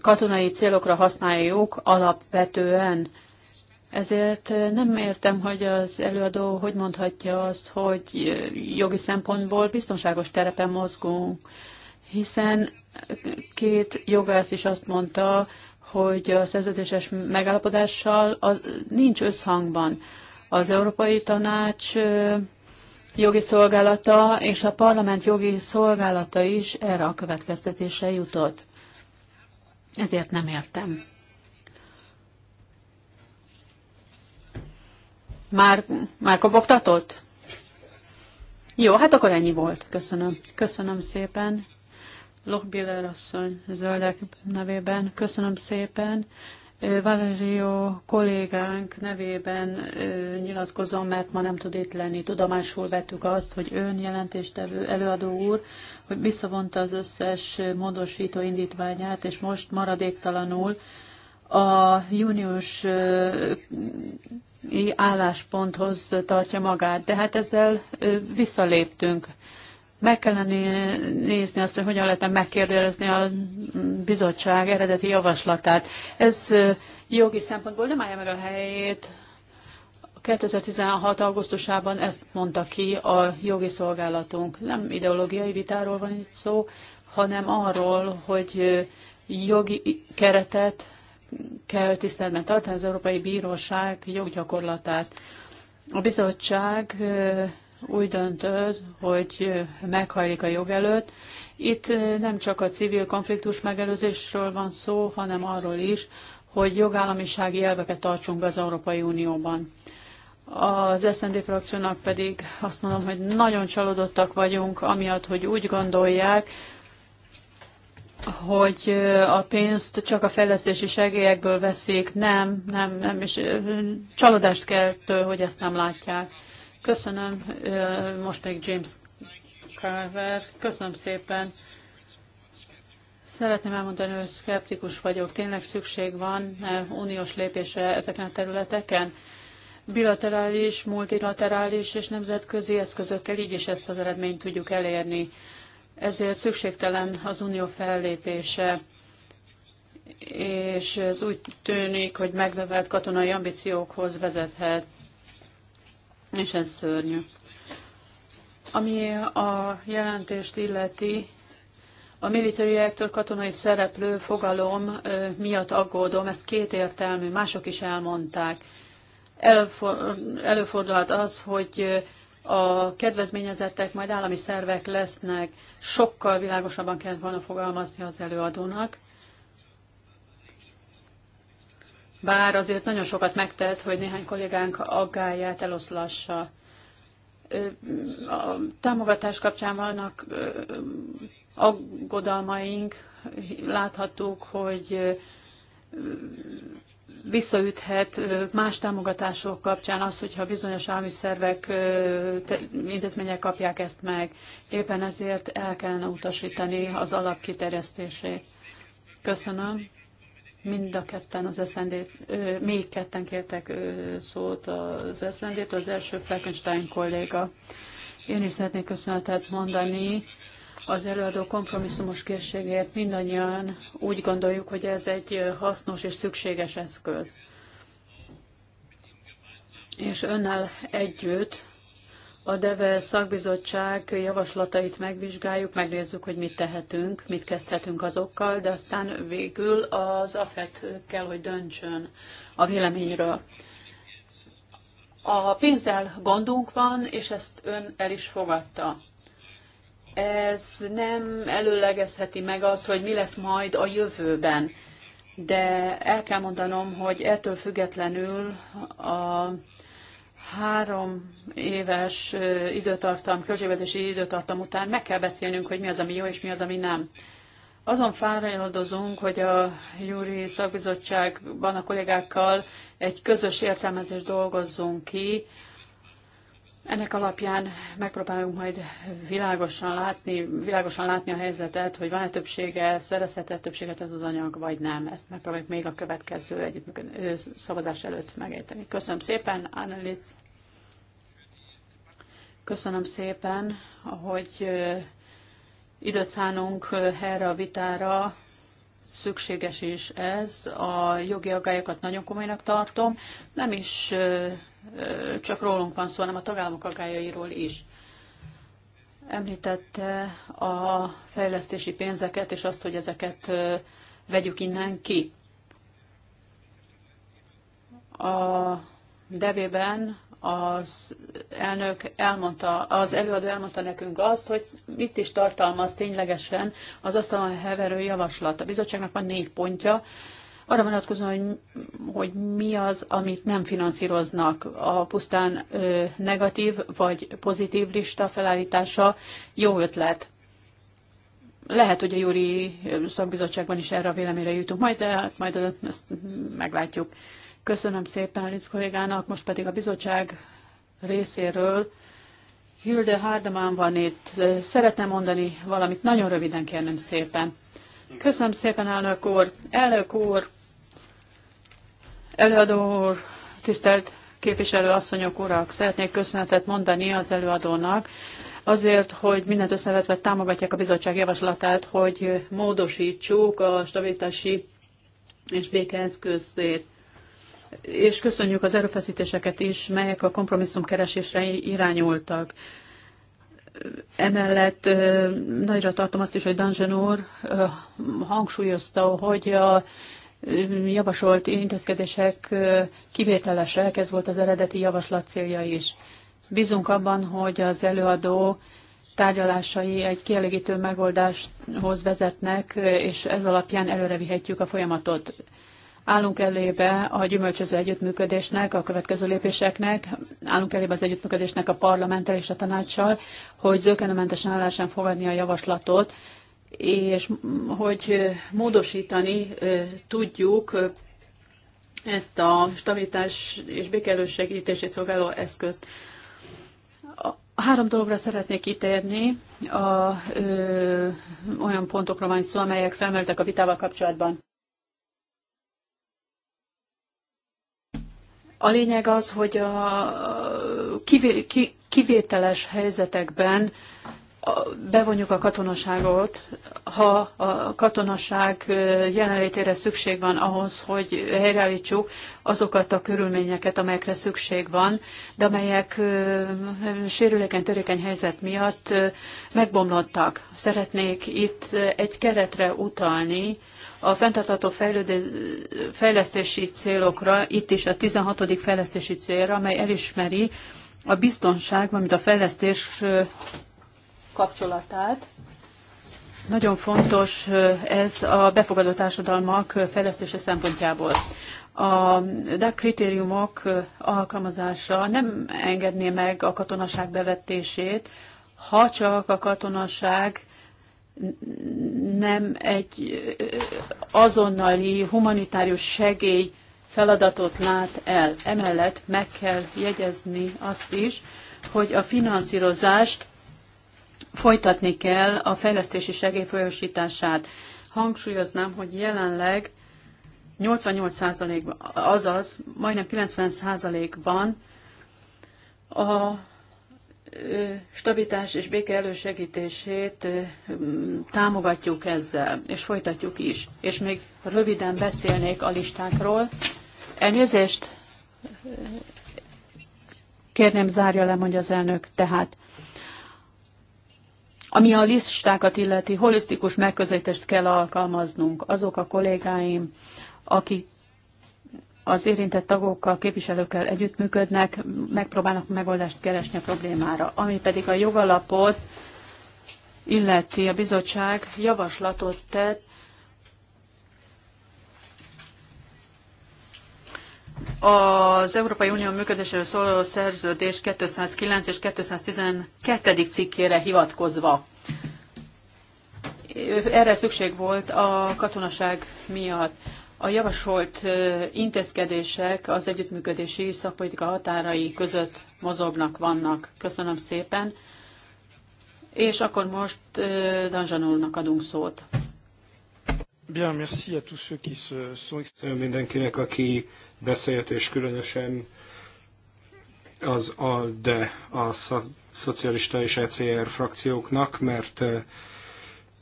katonai célokra használjuk alapvetően ezért eh, nem értem, hogy az előadó hogy mondhatja azt, hogy eh, jogi szempontból biztonságos terepen mozgunk, hiszen két jogász is azt mondta, hogy a szerződéses megállapodással az, nincs összhangban. Az Európai Tanács eh, jogi szolgálata és a parlament jogi szolgálata is erre a következtetése jutott. Ezért nem értem. Már, már kopogtatott? Jó, hát akkor ennyi volt. Köszönöm. Köszönöm szépen. Lochbiller asszony zöldek nevében. Köszönöm szépen. Valerio kollégánk nevében nyilatkozom, mert ma nem tud itt lenni. Tudomásul vettük azt, hogy ön jelentéstevő előadó úr, hogy visszavonta az összes módosító indítványát, és most maradéktalanul a június állásponthoz tartja magát, de hát ezzel visszaléptünk. Meg kellene nézni azt, hogy hogyan lehetne megkérdezni a bizottság eredeti javaslatát. Ez jogi szempontból nem állja meg a helyét. 2016. augusztusában ezt mondta ki a jogi szolgálatunk. Nem ideológiai vitáról van itt szó, hanem arról, hogy jogi keretet kell tiszteletben tartani az Európai Bíróság joggyakorlatát. A bizottság úgy döntött, hogy meghajlik a jog előtt. Itt nem csak a civil konfliktus megelőzésről van szó, hanem arról is, hogy jogállamisági elveket tartsunk be az Európai Unióban. Az SZND frakciónak pedig azt mondom, hogy nagyon csalódottak vagyunk, amiatt, hogy úgy gondolják, hogy a pénzt csak a fejlesztési segélyekből veszik. Nem, nem, nem, és csalódást kelt, hogy ezt nem látják. Köszönöm, most még James Carver. Köszönöm szépen. Szeretném elmondani, hogy szkeptikus vagyok. Tényleg szükség van uniós lépésre ezeken a területeken? Bilaterális, multilaterális és nemzetközi eszközökkel így is ezt az eredményt tudjuk elérni ezért szükségtelen az unió fellépése, és ez úgy tűnik, hogy megnövelt katonai ambíciókhoz vezethet, és ez szörnyű. Ami a jelentést illeti, a military actor katonai szereplő fogalom miatt aggódom, ezt kétértelmű, mások is elmondták. előfordulhat az, hogy a kedvezményezettek majd állami szervek lesznek, sokkal világosabban kell volna fogalmazni az előadónak. Bár azért nagyon sokat megtett, hogy néhány kollégánk aggáját eloszlassa. A támogatás kapcsán vannak aggodalmaink, láthattuk, hogy visszaüthet más támogatások kapcsán az, hogyha bizonyos állami szervek, intézmények kapják ezt meg. Éppen ezért el kellene utasítani az alap kiterjesztését. Köszönöm. Mind a ketten az SZND, még ketten kértek szót az SZND-t, az első Fleckenstein kolléga. Én is szeretnék köszönetet mondani az előadó kompromisszumos készségért mindannyian úgy gondoljuk, hogy ez egy hasznos és szükséges eszköz. És önnel együtt a DEVE szakbizottság javaslatait megvizsgáljuk, megnézzük, hogy mit tehetünk, mit kezdhetünk azokkal, de aztán végül az AFET kell, hogy döntsön a véleményről. A pénzzel gondunk van, és ezt ön el is fogadta ez nem előlegezheti meg azt, hogy mi lesz majd a jövőben. De el kell mondanom, hogy ettől függetlenül a három éves időtartam, költségvetési időtartam után meg kell beszélnünk, hogy mi az, ami jó, és mi az, ami nem. Azon fáradozunk, hogy a Júri Szakbizottságban a kollégákkal egy közös értelmezést dolgozzunk ki, ennek alapján megpróbálunk majd világosan látni, világosan látni a helyzetet, hogy van-e többsége, szerezhet-e többséget ez az anyag, vagy nem. Ezt megpróbáljuk még a következő együttműködő szavazás előtt megejteni. Köszönöm szépen, Annelit. Köszönöm szépen, hogy időt szánunk erre a vitára, szükséges is ez. A jogi aggályokat nagyon komolynak tartom. Nem is csak rólunk van szó, hanem a tagállamok agályairól is. Említette a fejlesztési pénzeket, és azt, hogy ezeket vegyük innen ki. A devében az elnök elmondta, az előadó elmondta nekünk azt, hogy mit is tartalmaz ténylegesen az asztalon heverő javaslat. A bizottságnak van négy pontja, arra vonatkozóan, hogy, hogy mi az, amit nem finanszíroznak. A pusztán ö, negatív vagy pozitív lista felállítása jó ötlet. Lehet, hogy a Júri szakbizottságban is erre a véleményre jutunk majd, de hát majd ezt meglátjuk. Köszönöm szépen Ritz kollégának, most pedig a bizottság részéről Hilde Hardemán van itt. Szeretném mondani valamit, nagyon röviden kérném szépen. Köszönöm szépen, elnök úr. Elnök úr, Előadó úr, tisztelt képviselő asszonyok, urak, szeretnék köszönetet mondani az előadónak azért, hogy mindent összevetve támogatják a bizottság javaslatát, hogy módosítsuk a stabilitási és békeeszközét. És köszönjük az erőfeszítéseket is, melyek a kompromisszum keresésre irányultak. Emellett nagyra tartom azt is, hogy Danzsen úr hangsúlyozta, hogy a javasolt intézkedések kivételesek, ez volt az eredeti javaslat célja is. Bízunk abban, hogy az előadó tárgyalásai egy kielégítő megoldáshoz vezetnek, és ez alapján előre vihetjük a folyamatot. Állunk elébe a gyümölcsöző együttműködésnek, a következő lépéseknek, állunk elébe az együttműködésnek a parlamenttel és a tanácssal, hogy zökenőmentesen lehessen fogadni a javaslatot, és hogy módosítani tudjuk ezt a stabilitás és békelős segítését szolgáló eszközt. Három dologra szeretnék kitérni, a, ö, olyan pontokra van szó, amelyek felmerültek a vitával kapcsolatban. A lényeg az, hogy a kivé, ki, kivételes helyzetekben bevonjuk a katonaságot, ha a katonaság jelenlétére szükség van ahhoz, hogy helyreállítsuk azokat a körülményeket, amelyekre szükség van, de amelyek sérülékeny, törékeny helyzet miatt megbomlottak. Szeretnék itt egy keretre utalni, a fenntartható fejlesztési célokra, itt is a 16. fejlesztési célra, amely elismeri a biztonság, valamint a fejlesztés kapcsolatát. Nagyon fontos ez a befogadó társadalmak fejlesztése szempontjából. A DAC kritériumok alkalmazása nem engedné meg a katonaság bevetését, ha csak a katonaság nem egy azonnali humanitárius segély feladatot lát el. Emellett meg kell jegyezni azt is, hogy a finanszírozást folytatni kell a fejlesztési segély folyosítását. Hangsúlyoznám, hogy jelenleg 88%-ban, azaz majdnem 90%-ban a stabilitás és béke elősegítését támogatjuk ezzel, és folytatjuk is. És még röviden beszélnék a listákról. Elnézést kérném zárja le, mondja az elnök, tehát ami a listákat illeti, holisztikus megközelítést kell alkalmaznunk. Azok a kollégáim, akik az érintett tagokkal, képviselőkkel együttműködnek, megpróbálnak megoldást keresni a problémára. Ami pedig a jogalapot illeti, a bizottság javaslatot tett Az Európai Unió működéséről szóló szerződés 209 és 212. cikkére hivatkozva. Erre szükség volt a katonaság miatt. A javasolt intézkedések az együttműködési szakpolitika határai között mozognak, vannak. Köszönöm szépen. És akkor most Danzsan úrnak adunk szót. Bien, merci à tous ceux qui se sont... Mindenkinek, aki beszélt, és különösen az ALDE, a szocialista és ECR frakcióknak, mert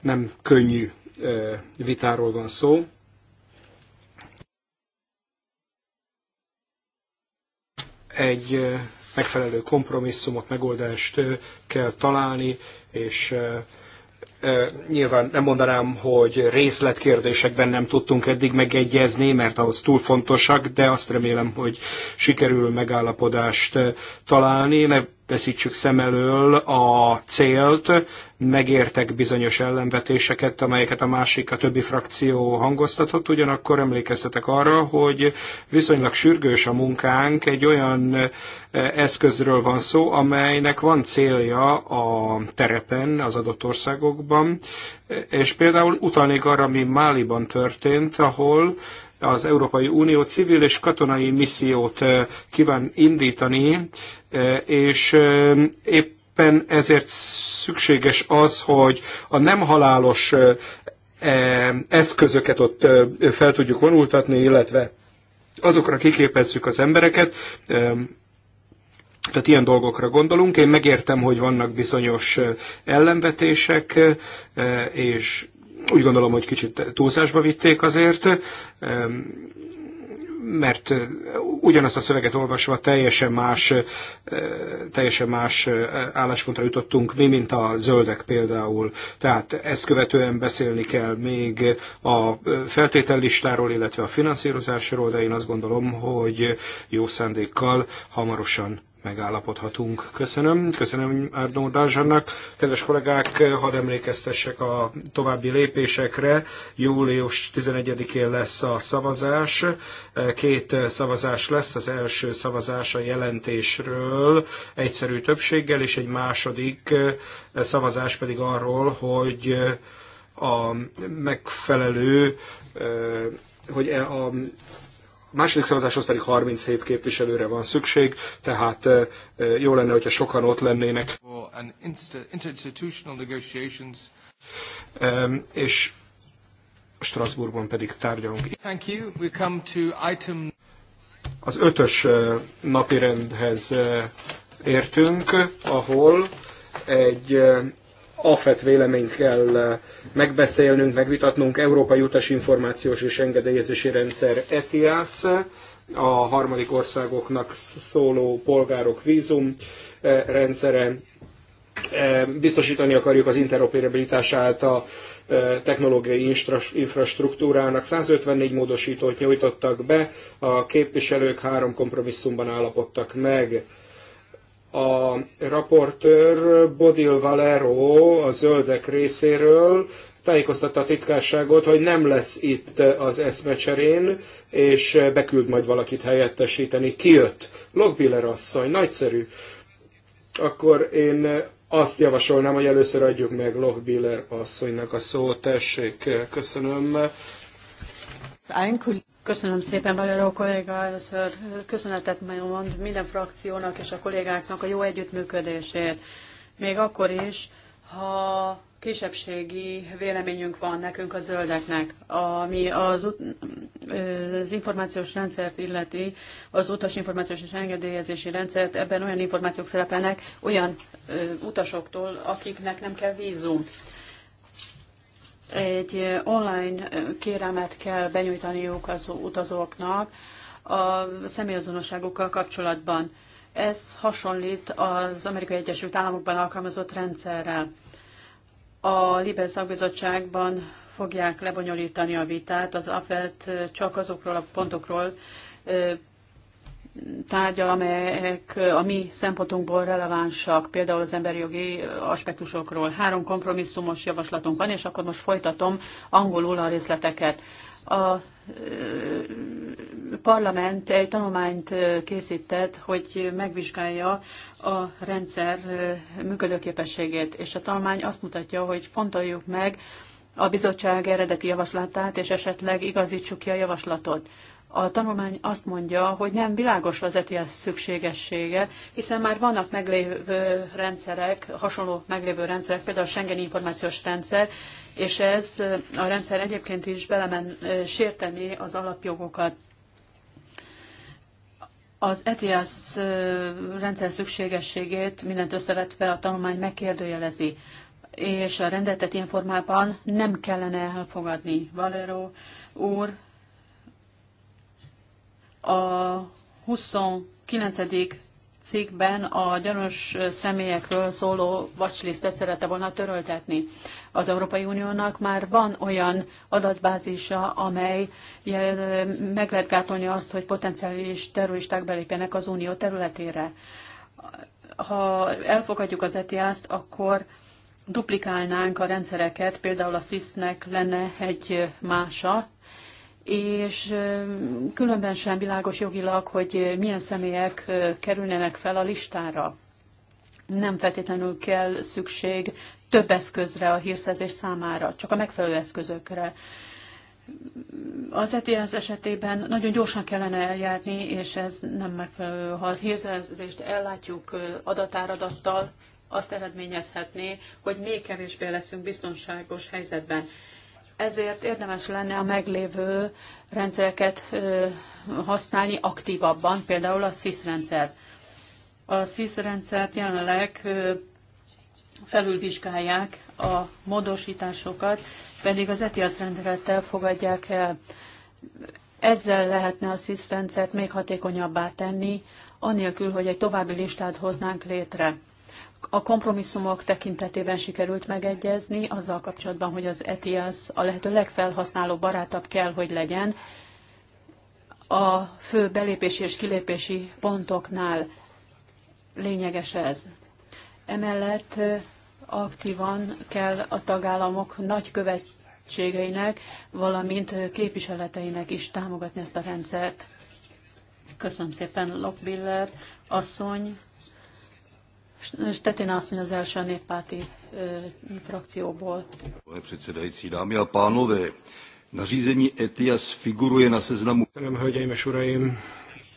nem könnyű vitáról van szó. Egy megfelelő kompromisszumot, megoldást kell találni, és Nyilván nem mondanám, hogy részletkérdésekben nem tudtunk eddig megegyezni, mert ahhoz túl fontosak, de azt remélem, hogy sikerül megállapodást találni, mert veszítsük szem elől a célt, megértek bizonyos ellenvetéseket, amelyeket a másik, a többi frakció hangoztatott, ugyanakkor emlékeztetek arra, hogy viszonylag sürgős a munkánk, egy olyan eh, eszközről van szó, amelynek van célja a terepen, az adott országokban, eh, és például utalnék arra, ami Máliban történt, ahol az Európai Unió civil és katonai missziót kíván indítani, és éppen ezért szükséges az, hogy a nem halálos e, eszközöket ott fel tudjuk vonultatni, illetve azokra kiképezzük az embereket, tehát ilyen dolgokra gondolunk. Én megértem, hogy vannak bizonyos ellenvetések, és úgy gondolom, hogy kicsit túlzásba vitték azért, mert ugyanazt a szöveget olvasva teljesen más, eh, teljesen más eh, álláspontra jutottunk mi, mint a zöldek például. Tehát ezt követően beszélni kell még a feltétellistáról, illetve a finanszírozásról, de én azt gondolom, hogy jó szándékkal hamarosan megállapodhatunk. Köszönöm, köszönöm Árnó Dázsának. Kedves kollégák, hadd emlékeztessek a további lépésekre. Július 11-én lesz a szavazás. Két szavazás lesz, az első szavazás a jelentésről egyszerű többséggel, és egy második szavazás pedig arról, hogy a megfelelő hogy e a második szavazáshoz pedig 37 képviselőre van szükség, tehát jó lenne, hogyha sokan ott lennének. És Strasbourgban pedig tárgyalunk. Thank you. We come to item... Az ötös napirendhez értünk, ahol egy AFET véleményt kell megbeszélnünk, megvitatnunk, Európai Utas Információs és Engedélyezési Rendszer ETIAS, a harmadik országoknak szóló polgárok vízum rendszere, biztosítani akarjuk az interoperabilitását a technológiai infrastruktúrának. 154 módosítót nyújtottak be, a képviselők három kompromisszumban állapodtak meg a raportőr Bodil Valero a zöldek részéről tájékoztatta a titkárságot, hogy nem lesz itt az eszmecserén, és beküld majd valakit helyettesíteni. Kijött. Logbiller asszony, nagyszerű. Akkor én azt javasolnám, hogy először adjuk meg Logbiller asszonynak a szót. Tessék, köszönöm. Köszönöm szépen, Magyaró kolléga. Először köszönetet mond minden frakciónak és a kollégáknak a jó együttműködésért. Még akkor is, ha kisebbségi véleményünk van nekünk a zöldeknek, ami az, az információs rendszert illeti, az utas információs és engedélyezési rendszert, ebben olyan információk szerepelnek olyan utasoktól, akiknek nem kell vízum egy online kérelmet kell benyújtaniuk az utazóknak a személyazonosságukkal kapcsolatban. Ez hasonlít az Amerikai Egyesült Államokban alkalmazott rendszerrel. A Libel szakbizottságban fogják lebonyolítani a vitát, az AFET csak azokról a pontokról tárgyal, amelyek a mi szempontunkból relevánsak, például az emberi jogi aspektusokról. Három kompromisszumos javaslatunk van, és akkor most folytatom angolul a részleteket. A parlament egy tanulmányt készített, hogy megvizsgálja a rendszer működőképességét, és a tanulmány azt mutatja, hogy fontoljuk meg a bizottság eredeti javaslatát, és esetleg igazítsuk ki a javaslatot. A tanulmány azt mondja, hogy nem világos az ETS szükségessége, hiszen már vannak meglévő rendszerek, hasonló meglévő rendszerek, például a Schengen információs rendszer, és ez a rendszer egyébként is belemen sérteni az alapjogokat. Az ETS rendszer szükségességét mindent összevetve a tanulmány megkérdőjelezi és a rendeltet informában nem kellene elfogadni. Valero úr a 29. cikkben a gyanús személyekről szóló watchlistet szerette volna töröltetni. Az Európai Uniónak már van olyan adatbázisa, amely meg lehet gátolni azt, hogy potenciális terroristák belépjenek az Unió területére. Ha elfogadjuk az etiázt, akkor duplikálnánk a rendszereket, például a SIS-nek lenne egy mása, és különben sem világos jogilag, hogy milyen személyek kerülnének fel a listára. Nem feltétlenül kell szükség több eszközre a hírszerzés számára, csak a megfelelő eszközökre. Az ETS esetében nagyon gyorsan kellene eljárni, és ez nem megfelelő. Ha a hírszerzést ellátjuk adatáradattal, azt eredményezhetné, hogy még kevésbé leszünk biztonságos helyzetben ezért érdemes lenne a meglévő rendszereket használni aktívabban, például a SIS rendszert. A SIS rendszert jelenleg felülvizsgálják a módosításokat, pedig az ETIAS rendelettel fogadják el. Ezzel lehetne a SIS rendszert még hatékonyabbá tenni, anélkül, hogy egy további listát hoznánk létre a kompromisszumok tekintetében sikerült megegyezni azzal kapcsolatban, hogy az ETIAS a lehető legfelhasználó barátabb kell, hogy legyen a fő belépési és kilépési pontoknál. Lényeges ez. Emellett aktívan kell a tagállamok nagykövetségeinek, valamint képviseleteinek is támogatni ezt a rendszert. Köszönöm szépen, Lockbiller asszony. Štetina asszony az első néppárti frakcióból. Pane předsedající, dámy a pánové, nařízení ETIAS figuruje na seznamu. Hölgyeim és uraim,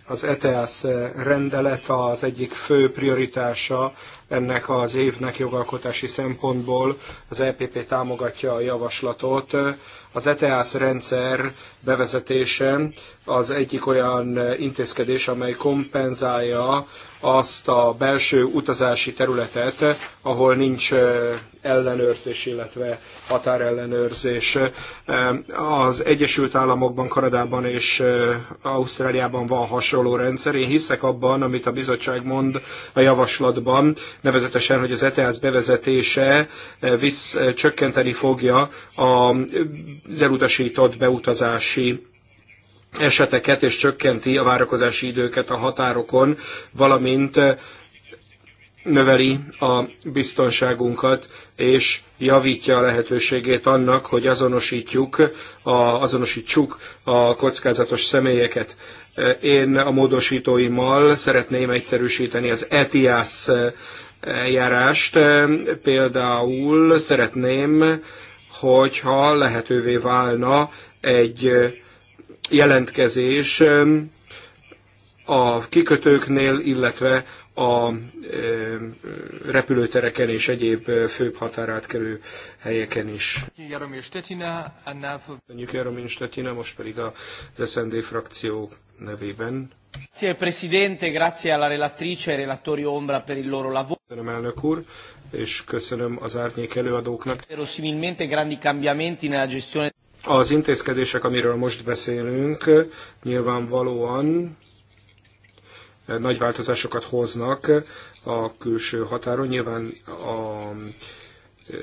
az ETEAS rendelet az egyik fő prioritása ennek az évnek jogalkotási szempontból. Az EPP támogatja a javaslatot. Az ETEAS rendszer bevezetése az egyik olyan intézkedés, amely kompenzálja azt a belső utazási területet, ahol nincs ellenőrzés, illetve határellenőrzés. Az Egyesült Államokban, Kanadában és Ausztráliában van hasonló rendszer. Én hiszek abban, amit a bizottság mond a javaslatban, nevezetesen, hogy az ETS bevezetése visz, csökkenteni fogja az elutasított beutazási eseteket és csökkenti a várakozási időket a határokon, valamint eh, növeli a biztonságunkat, és javítja a lehetőségét annak, hogy azonosítjuk, a, azonosítsuk a kockázatos személyeket. Eh, én a módosítóimmal szeretném egyszerűsíteni az ETIAS eh, járást. Például szeretném, hogyha lehetővé válna egy jelentkezés a kikötőknél, illetve a repülőtereken és egyéb főbb határátkelő helyeken is. Jaromir Stetina, annál Köszönjük Jaromir Stetina, most pedig a SND frakció nevében. Grazie Presidente, grazie alla relatrice e relatori Ombra per il loro lavoro. Köszönöm elnök és köszönöm az árnyék előadóknak. Verosimilmente grandi cambiamenti nella gestione az intézkedések, amiről most beszélünk, nyilvánvalóan eh, nagy változásokat hoznak a külső határon. Nyilván a eh,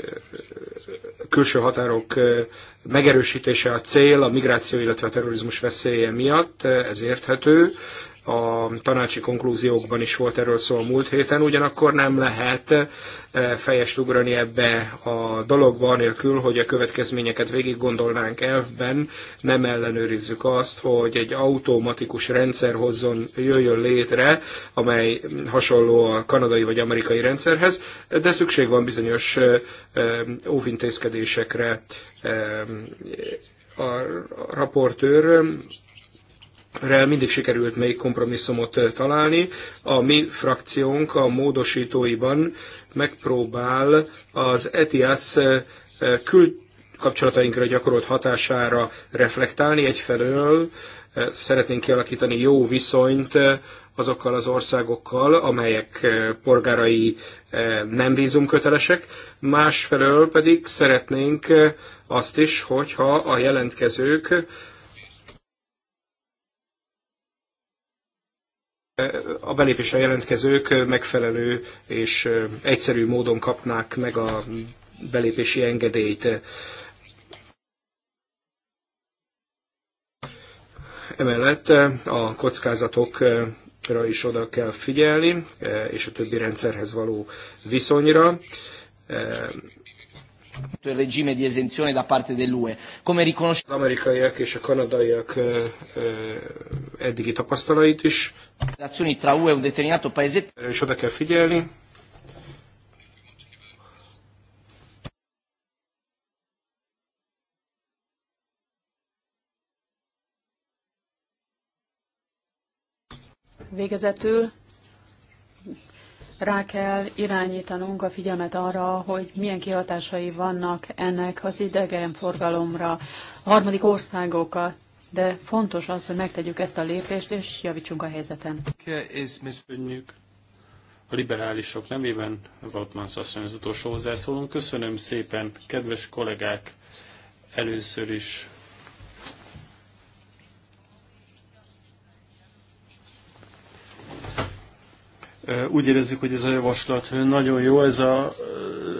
külső határok eh, megerősítése a cél, a migráció, illetve a terrorizmus veszélye miatt, ez érthető a tanácsi konklúziókban is volt erről szó a múlt héten, ugyanakkor nem lehet eh, fejest ugrani ebbe a dologba, anélkül, hogy a következményeket végig gondolnánk elvben, nem ellenőrizzük azt, hogy egy automatikus rendszer hozzon, jöjjön létre, amely hasonló a kanadai vagy amerikai rendszerhez, de szükség van bizonyos eh, eh, óvintézkedésekre a raportőr rel mindig sikerült még kompromisszumot találni. A mi frakciónk a módosítóiban megpróbál az ETIAS kül kapcsolatainkra gyakorolt hatására reflektálni egyfelől, szeretnénk kialakítani jó viszonyt azokkal az országokkal, amelyek polgárai nem vízumkötelesek, másfelől pedig szeretnénk azt is, hogyha a jelentkezők a belépésre jelentkezők megfelelő és egyszerű módon kapnák meg a belépési engedélyt. Emellett a kockázatokra is oda kell figyelni, és a többi rendszerhez való viszonyra il regime di esenzione da parte dell'UE. Come riconosce... Az amerikaiak és a kanadaiak ö, eddigi tapasztalait is. Relazioni tra UE e un determinato paese... Erre is oda kell figyelni. Végezetül rá kell irányítanunk a figyelmet arra, hogy milyen kihatásai vannak ennek az idegenforgalomra, a harmadik országokat. De fontos az, hogy megtegyük ezt a lépést, és javítsunk a helyzeten. a liberálisok nevében, Valtmánsz asszony az utolsó hozzászólón. Köszönöm szépen, kedves kollégák, először is Úgy érezzük, hogy ez a javaslat nagyon jó, ez a,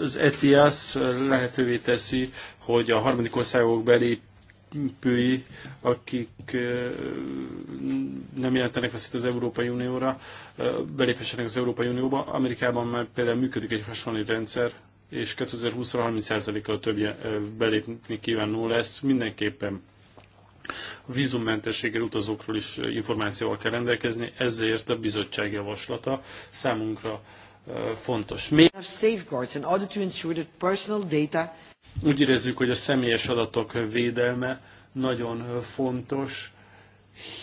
az ETIAS lehetővé teszi, hogy a harmadik országok belé pői, akik nem jelentenek veszélyt az Európai Unióra, belépessenek az Európai Unióba. Amerikában már például működik egy hasonló rendszer, és 2020-ra 30%-kal több belépni kívánó lesz. Mindenképpen a vízummentességgel utazókról is információval kell rendelkezni, ezért a bizottság javaslata számunkra fontos. Még úgy érezzük, hogy a személyes adatok védelme nagyon fontos,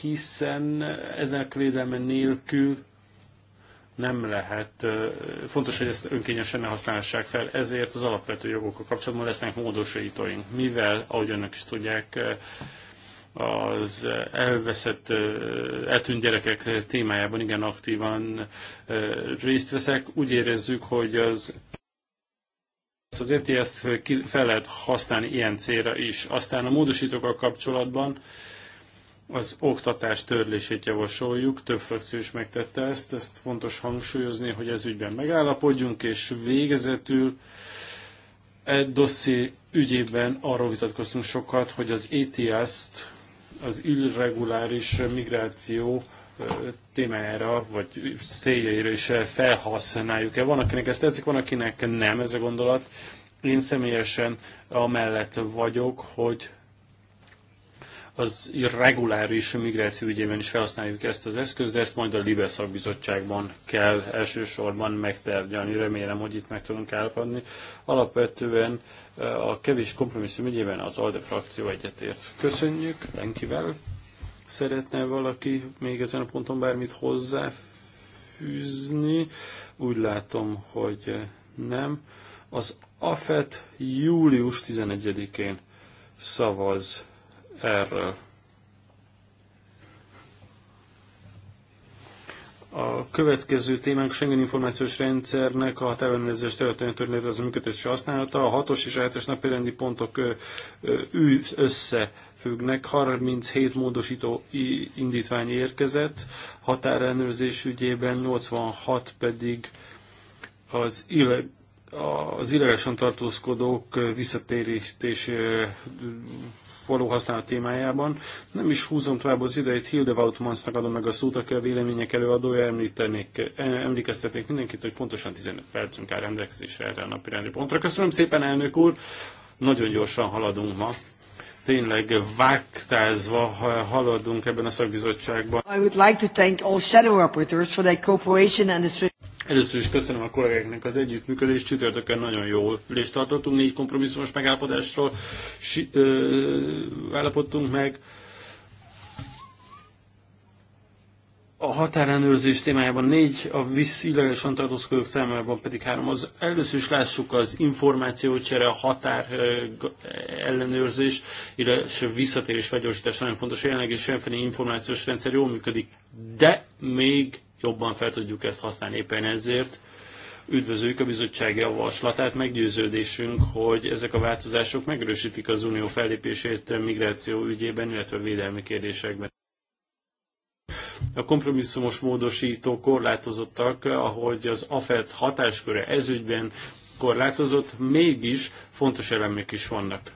hiszen ezek védelme nélkül nem lehet, fontos, hogy ezt önkényesen ne használhassák fel, ezért az alapvető jogokkal kapcsolatban lesznek módosítóink. Mivel, ahogy önök is tudják, az elveszett, eltűnt gyerekek témájában igen aktívan részt veszek. Úgy érezzük, hogy az az FTS fel lehet használni ilyen célra is. Aztán a módosítókkal kapcsolatban az oktatás törlését javasoljuk, több frakció is megtette ezt, ezt fontos hangsúlyozni, hogy ez ügyben megállapodjunk, és végezetül egy dosszi ügyében arról vitatkoztunk sokat, hogy az ETS-t az irreguláris migráció témájára, vagy céljaira is felhasználjuk-e. Van, akinek ez tetszik, van, akinek nem ez a gondolat. Én személyesen amellett vagyok, hogy az irreguláris migráció ügyében is felhasználjuk ezt az eszközt, de ezt majd a Libe szakbizottságban kell elsősorban megtárgyalni. Remélem, hogy itt meg tudunk állapodni. Alapvetően eh, a kevés kompromisszum ügyében az ALDE frakció egyetért. Köszönjük, Lenkivel. Szeretne valaki még ezen a ponton bármit hozzáfűzni? Úgy látom, hogy eh, nem. Az AFET július 11-én szavaz erről. A következő témánk Schengen információs rendszernek a határellenőrzés területén történet az a működés használata. A 6-os és a 7-es napirendi pontok összefüggnek. 37 módosító indítvány érkezett, határellenőrzés ügyében 86 pedig az ille az illegálisan tartózkodók visszatérítésére való használat témájában. Nem is húzom tovább az idejét, Hilde Wautmansnak adom meg a szót, aki a vélemények előadója, említenék, emlékeztetnék mindenkit, hogy pontosan 15 percünk áll rendelkezésre erre a napi rendi pontra. Köszönöm szépen, elnök úr! Nagyon gyorsan haladunk ma tényleg vágtázva haladunk ebben a szakbizottságban. I would like to thank all shadow rapporteurs for their cooperation and this... Először is köszönöm a kollégáknak az együttműködést, csütörtökön nagyon jó lést tartottunk, négy kompromisszumos megállapodásról si, ö, állapodtunk meg. A határellenőrzés témájában négy, a visz illegálisan tartózkodók számában pedig három. Az először is lássuk az információcsere, a határ ellenőrzés, illetve visszatérés felgyorsítás nagyon fontos. Jelenleg is semmiféle információs rendszer jól működik, de még jobban fel tudjuk ezt használni éppen ezért. Üdvözöljük a bizottság javaslatát, meggyőződésünk, hogy ezek a változások megerősítik az unió fellépését migráció ügyében, illetve védelmi kérdésekben. A kompromisszumos módosító korlátozottak, ahogy az AFET hatásköre ezügyben korlátozott, mégis fontos elemek is vannak.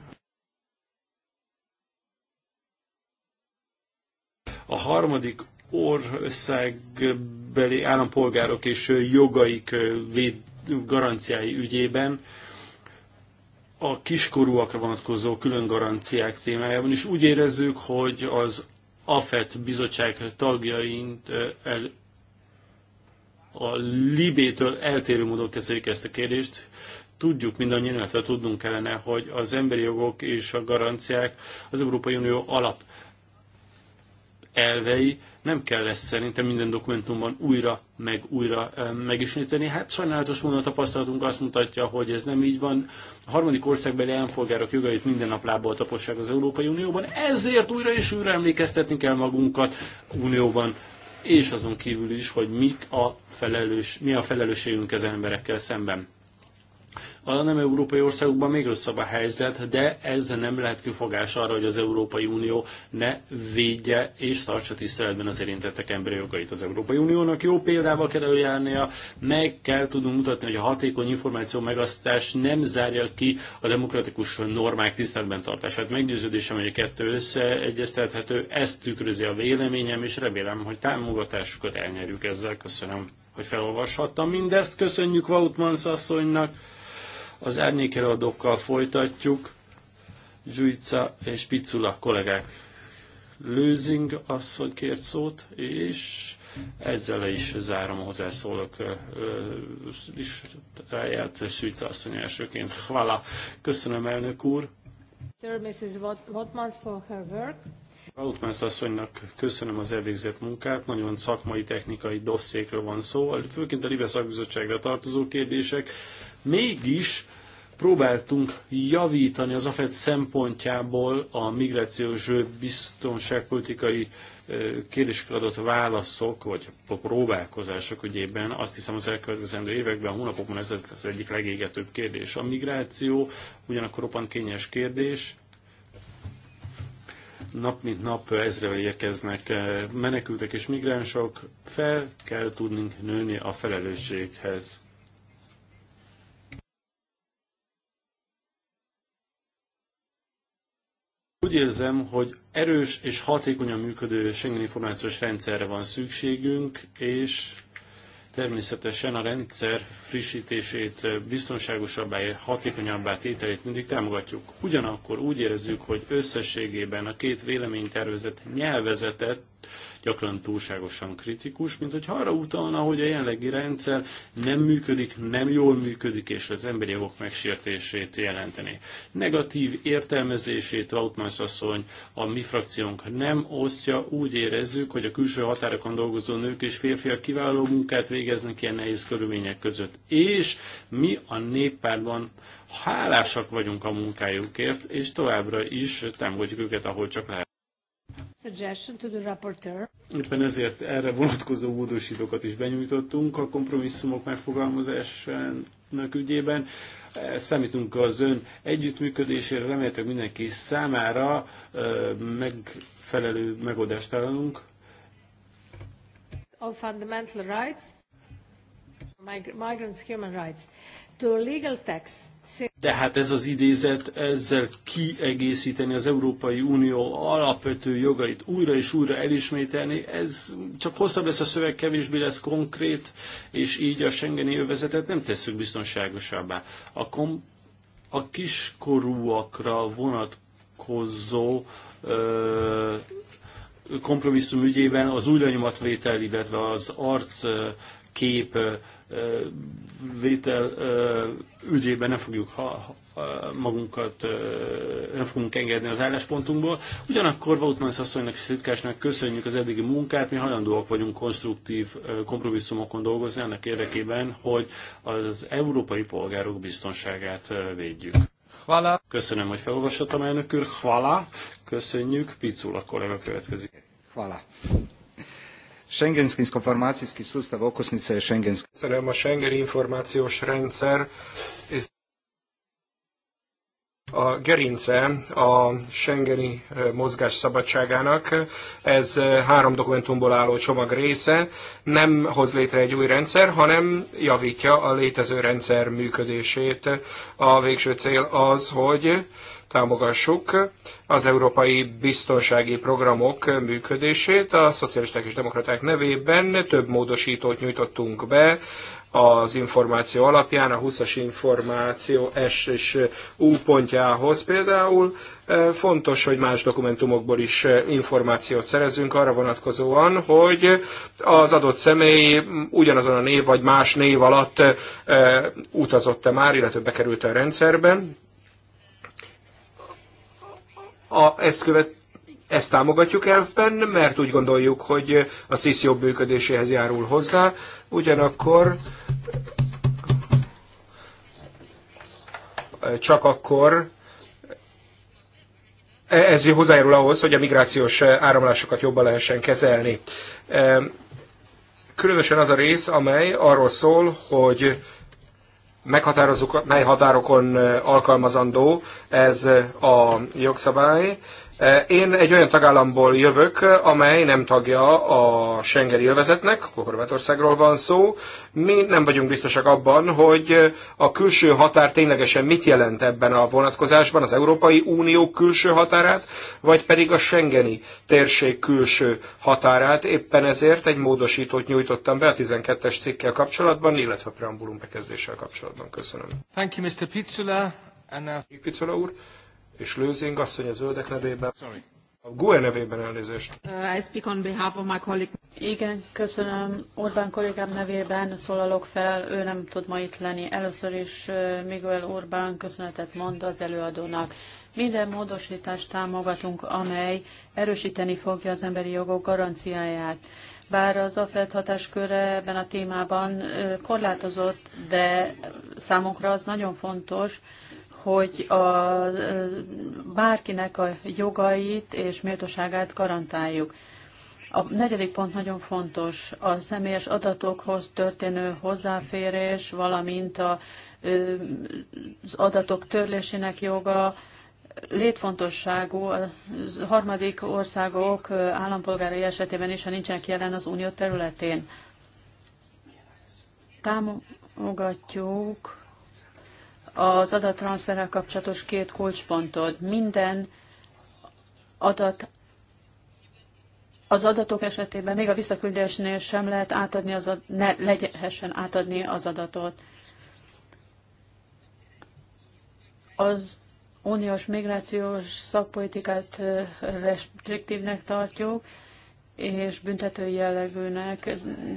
A harmadik országbeli állampolgárok és jogaik véd, garanciái ügyében a kiskorúakra vonatkozó külön garanciák témájában is úgy érezzük, hogy az AFET bizottság tagjaint el, a Libétől eltérő módon kezeljük ezt a kérdést. Tudjuk mindannyian, illetve tudnunk kellene, hogy az emberi jogok és a garanciák az Európai Unió alap elvei nem kell lesz szerintem minden dokumentumban újra, meg újra megismételni. Hát sajnálatos módon a tapasztalatunk azt mutatja, hogy ez nem így van. A harmadik országbeli állampolgárok jogait minden nap lábbal tapossák az Európai Unióban, ezért újra és újra emlékeztetni kell magunkat Unióban, és azon kívül is, hogy mik a felelős, mi a felelősségünk az emberekkel szemben. A nem európai országokban még rosszabb a helyzet, de ez nem lehet kifogás arra, hogy az Európai Unió ne védje és tartsa tiszteletben az érintettek emberi jogait. Az Európai Uniónak jó példával kell eljárnia, meg kell tudnunk mutatni, hogy a hatékony információ megasztás nem zárja ki a demokratikus normák tiszteletben tartását. Meggyőződésem, hogy a kettő összeegyeztethető, ezt tükrözi a véleményem, és remélem, hogy támogatásukat elnyerjük ezzel. Köszönöm hogy felolvashattam mindezt. Köszönjük Vautmans asszonynak! Az árnyékelőadókkal folytatjuk. Zsujica és Picula kollégák. Lőzing asszony kért szót, és ezzel is zárom a hozzászólók listáját, Zsujica asszony elsőként. Hvala. Köszönöm, elnök úr. Mrs. for her work. Rautmans asszonynak köszönöm az elvégzett munkát, nagyon szakmai, technikai dosszékről van szó, főként a Libe szakbizottságra tartozó kérdések, Mégis próbáltunk javítani az AFED szempontjából a migrációs biztonságpolitikai kérdésekre adott válaszok, vagy próbálkozások ügyében. Azt hiszem az elkövetkezendő években, a hónapokban ez az egyik legégetőbb kérdés. A migráció ugyanakkor roppant kényes kérdés, nap mint nap ezrevel érkeznek menekültek és migránsok, fel kell tudnunk nőni a felelősséghez. Úgy érzem, hogy erős és hatékonyan működő Schengen információs rendszerre van szükségünk, és Természetesen a rendszer frissítését, biztonságosabbá, hatékonyabbá tételét mindig támogatjuk. Ugyanakkor úgy érezzük, hogy összességében a két véleménytervezet nyelvezetet gyakran túlságosan kritikus, mint hogy arra utalna, hogy a jelenlegi rendszer nem működik, nem jól működik, és az emberi jogok megsértését jelenteni. Negatív értelmezését Lautmans asszony a mi frakciónk nem osztja, úgy érezzük, hogy a külső határokon dolgozó nők és férfiak kiváló munkát végeznek, végeznek ilyen nehéz körülmények között. És mi a néppárban hálásak vagyunk a munkájukért, és továbbra is támogatjuk őket, ahol csak lehet. Éppen ezért erre vonatkozó módosítókat is benyújtottunk a kompromisszumok megfogalmazásának ügyében. Eh, számítunk az ön együttműködésére, reméltek mindenki számára eh, megfelelő megoldást találunk. fundamental rights. De hát ez az idézet, ezzel kiegészíteni az Európai Unió alapvető jogait, újra és újra elismételni, ez csak hosszabb lesz a szöveg, kevésbé lesz konkrét, és így a Schengeni övezetet nem tesszük biztonságosabbá. A, kom- a kiskorúakra vonatkozó ö- kompromisszum ügyében az újranyomatvétel, illetve az arc kép vétel ügyében nem fogjuk ha, magunkat, nem fogunk engedni az álláspontunkból. Ugyanakkor Vautmans asszonynak és Szitkásnak köszönjük az eddigi munkát, mi hajlandóak vagyunk konstruktív kompromisszumokon dolgozni annak érdekében, hogy az európai polgárok biztonságát védjük. Hvala. Köszönöm, hogy felolvasottam elnök úr. Hvala. Köszönjük. Picula kollega következik. Hvala. Schengenski informacijski sustav je Schengenski. a Schengen információs rendszer a gerince a Schengeni mozgás szabadságának. Ez három dokumentumból álló csomag része. Nem hoz létre egy új rendszer, hanem javítja a létező rendszer működését. A végső cél az, hogy támogassuk az európai biztonsági programok működését. A szocialisták és demokraták nevében több módosítót nyújtottunk be az információ alapján, a 20-as információ S és U pontjához például. E, fontos, hogy más dokumentumokból is információt szerezünk arra vonatkozóan, hogy az adott személy ugyanazon a név vagy más név alatt e, utazott-e már, illetve bekerült -e a rendszerben a, ezt követ, ezt támogatjuk elfben, mert úgy gondoljuk, hogy a SZISZ jobb működéséhez járul hozzá, ugyanakkor csak akkor e, ez hozzájárul ahhoz, hogy a migrációs áramlásokat jobban lehessen kezelni. Különösen az a rész, amely arról szól, hogy meghatározó, mely határokon alkalmazandó ez a jogszabály, én egy olyan tagállamból jövök, amely nem tagja a Schengeni övezetnek, Horvátországról van szó. Mi nem vagyunk biztosak abban, hogy a külső határ ténylegesen mit jelent ebben a vonatkozásban, az Európai Unió külső határát, vagy pedig a Schengeni térség külső határát. Éppen ezért egy módosítót nyújtottam be a 12-es cikkel kapcsolatban, illetve a preambulum bekezdéssel kapcsolatban. Köszönöm. Thank you, Mr. Pizzula. And now... Uh, Pizzula úr és Lőzing asszony a zöldek nevében. Sorry. A GUE nevében elnézést. Uh, I speak on behalf of my colleague. Igen, köszönöm. Orbán kollégám nevében szólalok fel, ő nem tud ma itt lenni. Először is uh, Miguel Orbán köszönetet mond az előadónak. Minden módosítást támogatunk, amely erősíteni fogja az emberi jogok garanciáját. Bár az AFED hatásköre ebben a témában uh, korlátozott, de számunkra az nagyon fontos, hogy a, bárkinek a jogait és méltóságát garantáljuk. A negyedik pont nagyon fontos, a személyes adatokhoz történő hozzáférés, valamint a, az adatok törlésének joga, létfontosságú a harmadik országok állampolgárai esetében is, ha nincsenek jelen az unió területén. Támogatjuk az adattranszferrel kapcsolatos két kulcspontot. Minden adat az adatok esetében még a visszaküldésnél sem lehet átadni az, ne lehessen átadni az adatot. Az uniós migrációs szakpolitikát restriktívnek tartjuk, és büntető jellegűnek,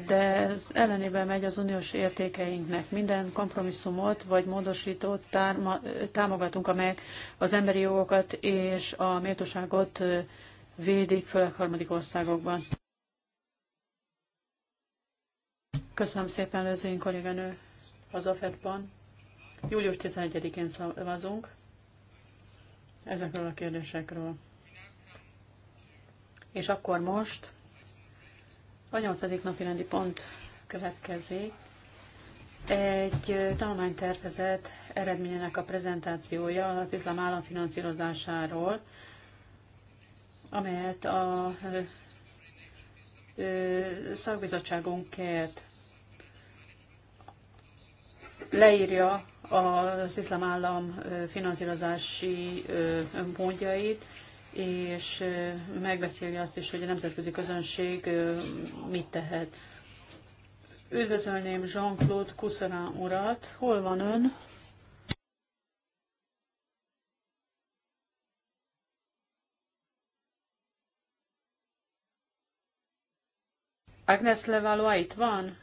de ez ellenében megy az uniós értékeinknek. Minden kompromisszumot vagy módosítót támogatunk, amelyek az emberi jogokat és a méltóságot védik, főleg harmadik országokban. Köszönöm szépen, Lőzőink kolléganő, az AFED-ban. Július 11-én szavazunk ezekről a kérdésekről. És akkor most a nyolcadik napi rendi pont következik. Egy tanulmánytervezet eredményének a prezentációja az iszlám államfinanszírozásáról, amelyet a szakbizottságunk kért. Leírja az iszlám állam finanszírozási módjait, és megbeszélni azt is, hogy a nemzetközi közönség mit tehet. Üdvözölném Jean-Claude Coussana urat. Hol van ön? Agnes Levalois itt van?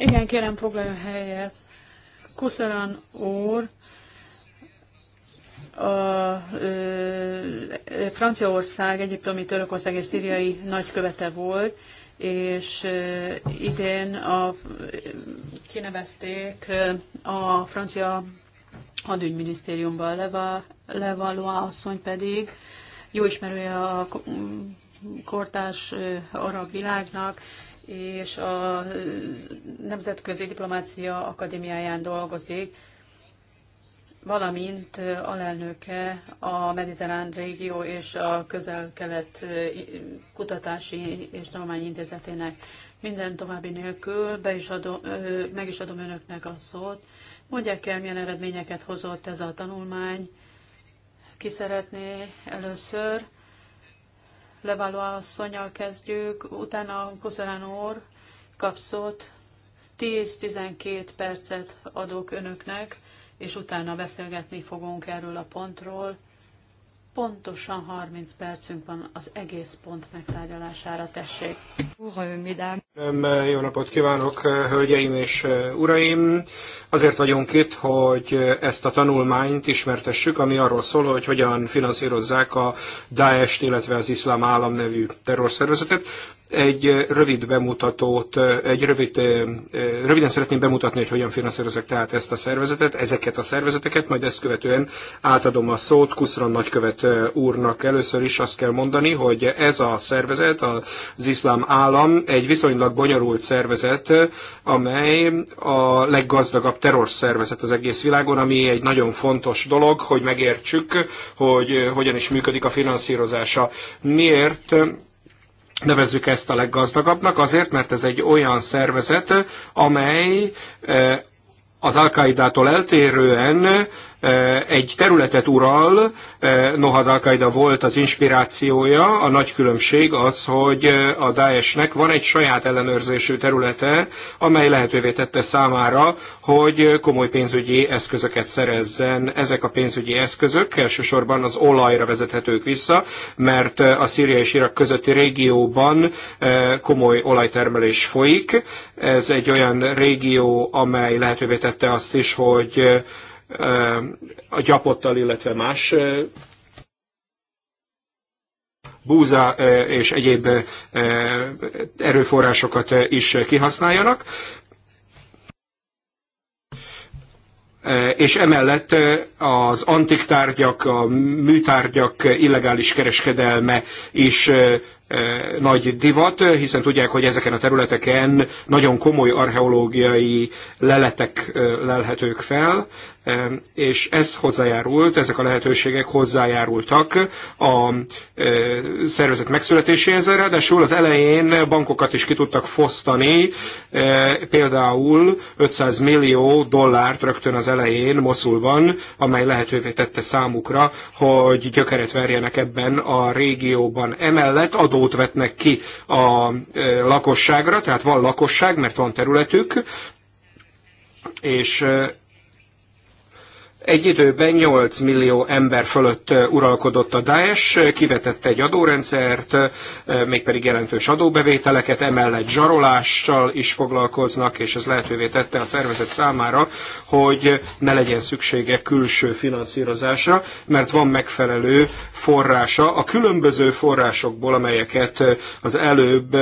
Igen, kérem, foglaljon helyet. Kuszaran úr, a e, Franciaország, Egyiptomi, Törökország és Szíriai nagykövete volt, és e, idén a, kinevezték a francia hadügyminisztériumban Leva, asszony pedig jó ismerője a kortárs arab világnak, és a Nemzetközi Diplomácia Akadémiáján dolgozik, valamint alelnöke a Mediterrán Régió és a Közel-Kelet Kutatási és Tanulmányi Intézetének. Minden további nélkül be is adom, meg is adom önöknek a szót. Mondják el, milyen eredményeket hozott ez a tanulmány. Ki szeretné először? Levaló asszonyal kezdjük, utána Kozolán úr kapszott 10-12 percet adok önöknek, és utána beszélgetni fogunk erről a pontról. Pontosan 30 percünk van az egész pont megtárgyalására, tessék. Euh, jó napot kívánok, hölgyeim és uraim! Azért vagyunk itt, hogy ezt a tanulmányt ismertessük, ami arról szól, hogy hogyan finanszírozzák a Daesh-t, illetve az Iszlám Állam nevű terrorszervezetet. Egy rövid bemutatót, egy rövid, röviden szeretném bemutatni, hogy hogyan finanszírozok tehát ezt a szervezetet, ezeket a szervezeteket, majd ezt követően átadom a szót Kuszran nagykövet úrnak. Először is azt kell mondani, hogy ez a szervezet, az iszlám állam egy viszonylag bonyolult szervezet, amely a leggazdagabb terrorszervezet az egész világon, ami egy nagyon fontos dolog, hogy megértsük, hogy hogyan is működik a finanszírozása. Miért nevezzük ezt a leggazdagabbnak, azért, mert ez egy olyan szervezet, amely eh, az al eltérően egy területet ural, noha az al volt az inspirációja, a nagy különbség az, hogy a Daesh-nek van egy saját ellenőrzésű területe, amely lehetővé tette számára, hogy komoly pénzügyi eszközöket szerezzen. Ezek a pénzügyi eszközök elsősorban az olajra vezethetők vissza, mert a Szíria és Irak közötti régióban komoly olajtermelés folyik. Ez egy olyan régió, amely lehetővé tette azt is, hogy a gyapottal, illetve más búza és egyéb erőforrásokat is kihasználjanak. És emellett az antik tárgyak, a műtárgyak illegális kereskedelme is nagy divat, hiszen tudják, hogy ezeken a területeken nagyon komoly archeológiai leletek lelhetők fel, és ez hozzájárult, ezek a lehetőségek hozzájárultak a szervezet megszületéséhez, ráadásul az elején bankokat is ki tudtak fosztani, például 500 millió dollárt rögtön az elején Moszulban, amely lehetővé tette számukra, hogy gyökeret verjenek ebben a régióban. Emellett adó adót vetnek ki a e, lakosságra, tehát van lakosság, mert van területük, és e, egy időben 8 millió ember fölött uralkodott a Daesh, kivetette egy adórendszert, mégpedig jelentős adóbevételeket, emellett zsarolással is foglalkoznak, és ez lehetővé tette a szervezet számára, hogy ne legyen szüksége külső finanszírozásra, mert van megfelelő forrása a különböző forrásokból, amelyeket az előbb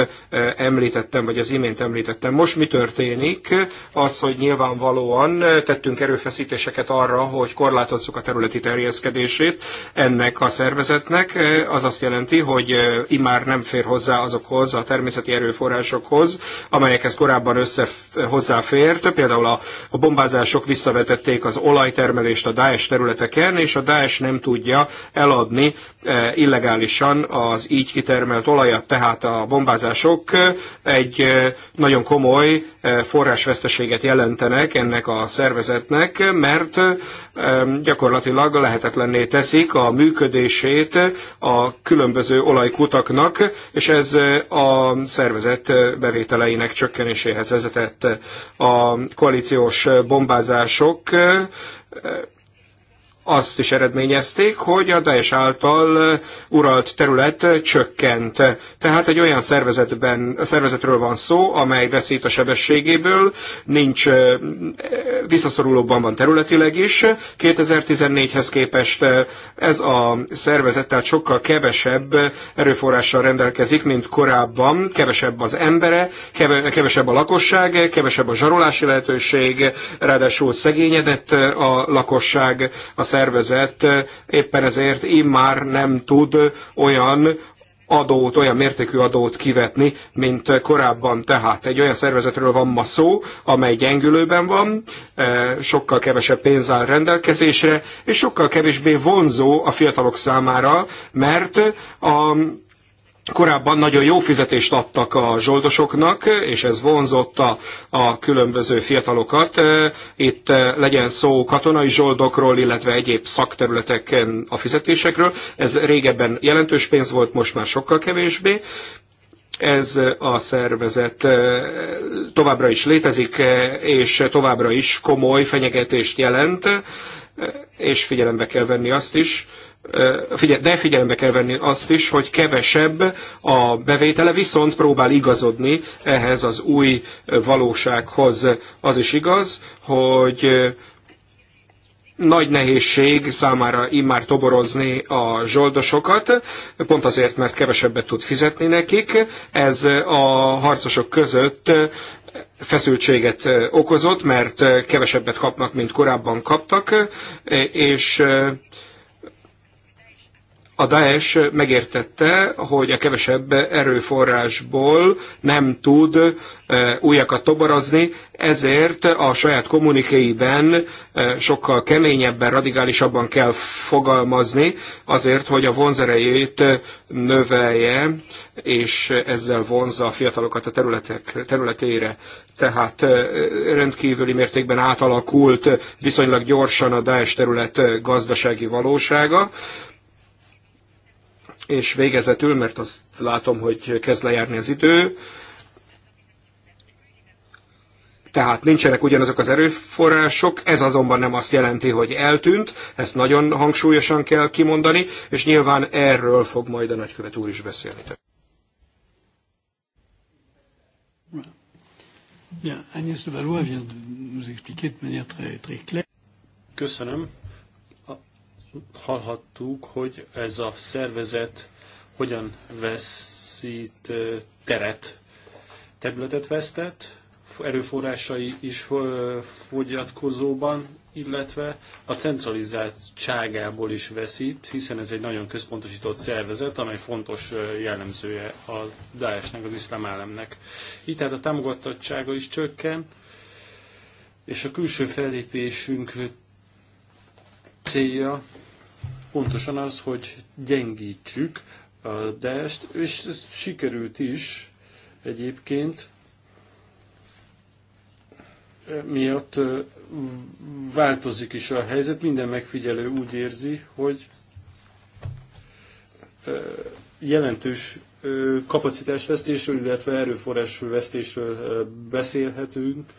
említettem, vagy az imént említettem. Most mi történik? Az, hogy nyilvánvalóan tettünk erőfeszítéseket arra, hogy korlátozzuk a területi terjeszkedését ennek a szervezetnek. Az azt jelenti, hogy immár nem fér hozzá azokhoz a természeti erőforrásokhoz, amelyekhez korábban össze hozzáfért. Például a, a bombázások visszavetették az olajtermelést a Daesh területeken, és a Daesh nem tudja eladni illegálisan az így kitermelt olajat, tehát a bombázások egy nagyon komoly forrásveszteséget jelentenek ennek a szervezetnek, mert gyakorlatilag lehetetlenné teszik a működését a különböző olajkutaknak, és ez a szervezet bevételeinek csökkenéséhez vezetett a koalíciós bombázások azt is eredményezték, hogy a Daesh által uralt terület csökkent. Tehát egy olyan szervezetben, a szervezetről van szó, amely veszít a sebességéből, nincs visszaszorulóban van területileg is. 2014-hez képest ez a szervezet tehát sokkal kevesebb erőforrással rendelkezik, mint korábban. Kevesebb az embere, kevesebb a lakosság, kevesebb a zsarolási lehetőség, ráadásul szegényedett a lakosság, a szervezet éppen ezért immár nem tud olyan adót, olyan mértékű adót kivetni, mint korábban. Tehát egy olyan szervezetről van ma szó, amely gyengülőben van, sokkal kevesebb pénz áll rendelkezésre, és sokkal kevésbé vonzó a fiatalok számára, mert a Korábban nagyon jó fizetést adtak a zsoldosoknak, és ez vonzotta a különböző fiatalokat. Itt legyen szó katonai zsoldokról, illetve egyéb szakterületeken a fizetésekről. Ez régebben jelentős pénz volt, most már sokkal kevésbé ez a szervezet továbbra is létezik, és továbbra is komoly fenyegetést jelent, és figyelembe kell venni azt is, de figyelembe kell venni azt is, hogy kevesebb a bevétele, viszont próbál igazodni ehhez az új valósághoz. Az is igaz, hogy nagy nehézség számára immár toborozni a zsoldosokat, pont azért, mert kevesebbet tud fizetni nekik. Ez a harcosok között feszültséget okozott, mert kevesebbet kapnak, mint korábban kaptak, és a Daesh megértette, hogy a kevesebb erőforrásból nem tud újakat toborozni, ezért a saját kommunikéiben sokkal keményebben, radikálisabban kell fogalmazni, azért, hogy a vonzerejét növelje, és ezzel vonzza a fiatalokat a területek, területére. Tehát rendkívüli mértékben átalakult viszonylag gyorsan a Daesh terület gazdasági valósága, és végezetül, mert azt látom, hogy kezd lejárni az idő, tehát nincsenek ugyanazok az erőforrások, ez azonban nem azt jelenti, hogy eltűnt, ezt nagyon hangsúlyosan kell kimondani, és nyilván erről fog majd a nagykövet úr is beszélni. Bien, Agnès de Valois vient de nous expliquer de manière très, très claire. Köszönöm hallhattuk, hogy ez a szervezet hogyan veszít teret, területet vesztett, erőforrásai is fogyatkozóban, illetve a centralizáltságából is veszít, hiszen ez egy nagyon központosított szervezet, amely fontos jellemzője a Daesh-nek, az iszlám államnak. Így tehát a támogatottsága is csökken, és a külső fellépésünk célja pontosan az, hogy gyengítsük a dest, és ez sikerült is egyébként. Miatt változik is a helyzet, minden megfigyelő úgy érzi, hogy jelentős kapacitásvesztésről, illetve erőforrásvesztésről beszélhetünk,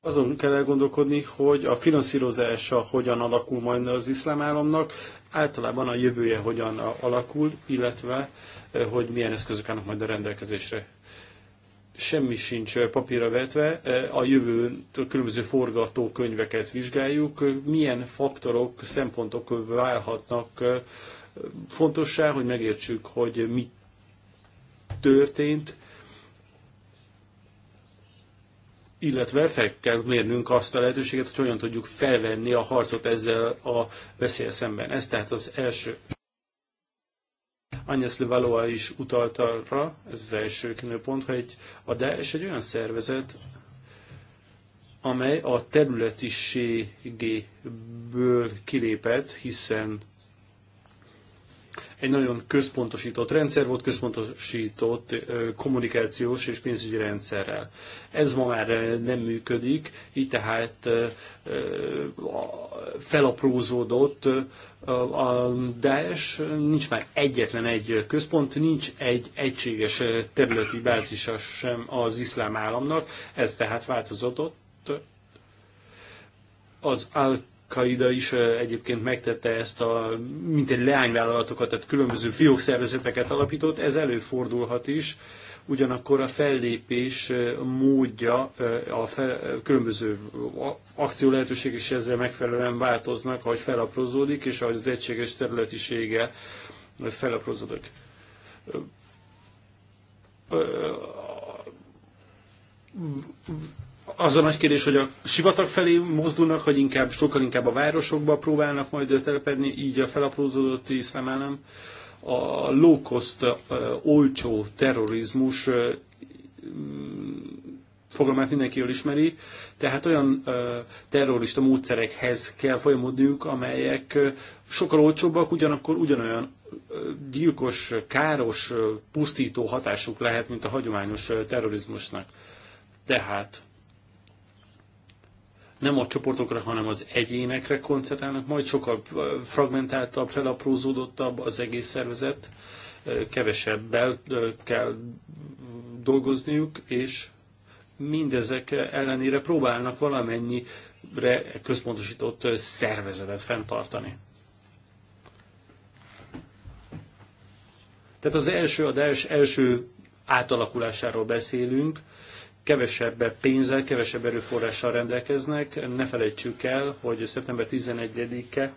Azon kell elgondolkodni, hogy a finanszírozása hogyan alakul majd az iszlám államnak, általában a jövője hogyan alakul, illetve eh, hogy milyen eszközök állnak majd a rendelkezésre. Semmi sincs eh, papírra vetve, eh, a jövő különböző forgatókönyveket vizsgáljuk, milyen faktorok, szempontok válhatnak fontossá, hogy megértsük, hogy mit történt, illetve fel kell mérnünk azt a lehetőséget, hogy hogyan tudjuk felvenni a harcot ezzel a veszélyes szemben. Ez tehát az első. Agnes Levaloa is utalt arra, ez az első kínőpont, hogy a Daesh egy olyan szervezet, amely a területiségéből kilépett, hiszen egy nagyon központosított rendszer volt, központosított kommunikációs és pénzügyi rendszerrel. Ez ma már nem működik, így tehát felaprózódott a Daesh, nincs már egyetlen egy központ, nincs egy egységes területi bázisa sem az iszlám államnak, ez tehát változott az al Kaida is egyébként megtette ezt a, mint egy leányvállalatokat, tehát különböző fiók szervezeteket alapított, ez előfordulhat is, ugyanakkor a fellépés módja, a fel, különböző akció lehetőség is ezzel megfelelően változnak, ahogy felaprozódik, és ahogy az egységes területisége felaprozódik az a nagy kérdés, hogy a sivatag felé mozdulnak, hogy inkább, sokkal inkább a városokba próbálnak majd telepedni, így a felaprózódott iszlám állam. A low-cost, olcsó terrorizmus mm, fogalmát mindenki jól ismeri, tehát olyan uh, terrorista módszerekhez kell folyamodniuk, amelyek uh, sokkal olcsóbbak, ugyanakkor ugyanolyan uh, gyilkos, káros, uh, pusztító hatásuk lehet, mint a hagyományos uh, terrorizmusnak. Tehát nem a csoportokra, hanem az egyénekre koncentrálnak, majd sokkal fragmentáltabb, felaprózódottabb az egész szervezet, kevesebbel kell dolgozniuk, és mindezek ellenére próbálnak valamennyire központosított szervezetet fenntartani. Tehát az első, a első átalakulásáról beszélünk, kevesebb pénzzel, kevesebb erőforrással rendelkeznek. Ne felejtsük el, hogy szeptember 11-e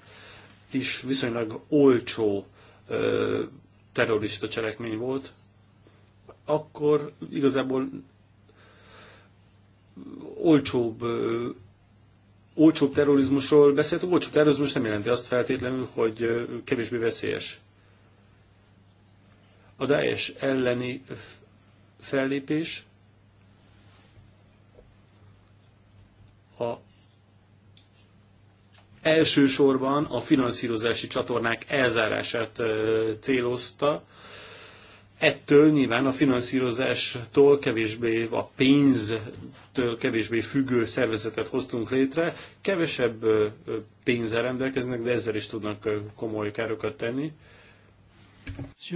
is viszonylag olcsó ö, terrorista cselekmény volt. Akkor igazából olcsóbb ö, olcsóbb terrorizmusról beszéltünk, olcsó terrorizmus nem jelenti azt feltétlenül, hogy kevésbé veszélyes. A Daesh elleni fellépés a elsősorban a finanszírozási csatornák elzárását célozta. Ettől nyilván a finanszírozástól kevésbé, a pénztől kevésbé függő szervezetet hoztunk létre. Kevesebb pénzzel rendelkeznek, de ezzel is tudnak komoly károkat tenni. est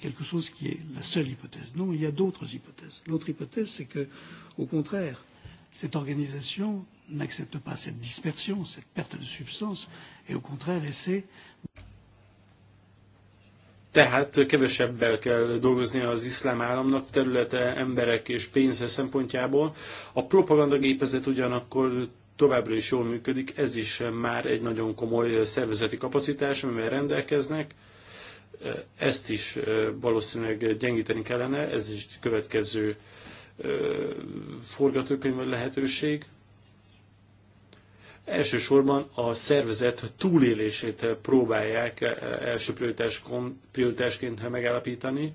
quelque chose qui est la seule hypothèse. Non, il y a d'autres hypothèses. L'autre hypothèse, c'est que, au contraire, cette organisation n'accepte pas cette dispersion, cette perte de substance, et au contraire essaie. Tehát kevesebbel kell dolgozni az iszlám államnak területe, emberek és pénze szempontjából. A propagandagépezet ugyanakkor továbbra is jól működik, ez is már egy nagyon komoly szervezeti kapacitás, amivel rendelkeznek. Ezt is valószínűleg gyengíteni kellene, ez is következő forgatókönyv lehetőség. Elsősorban a szervezet túlélését próbálják eh, első prioritásként megállapítani.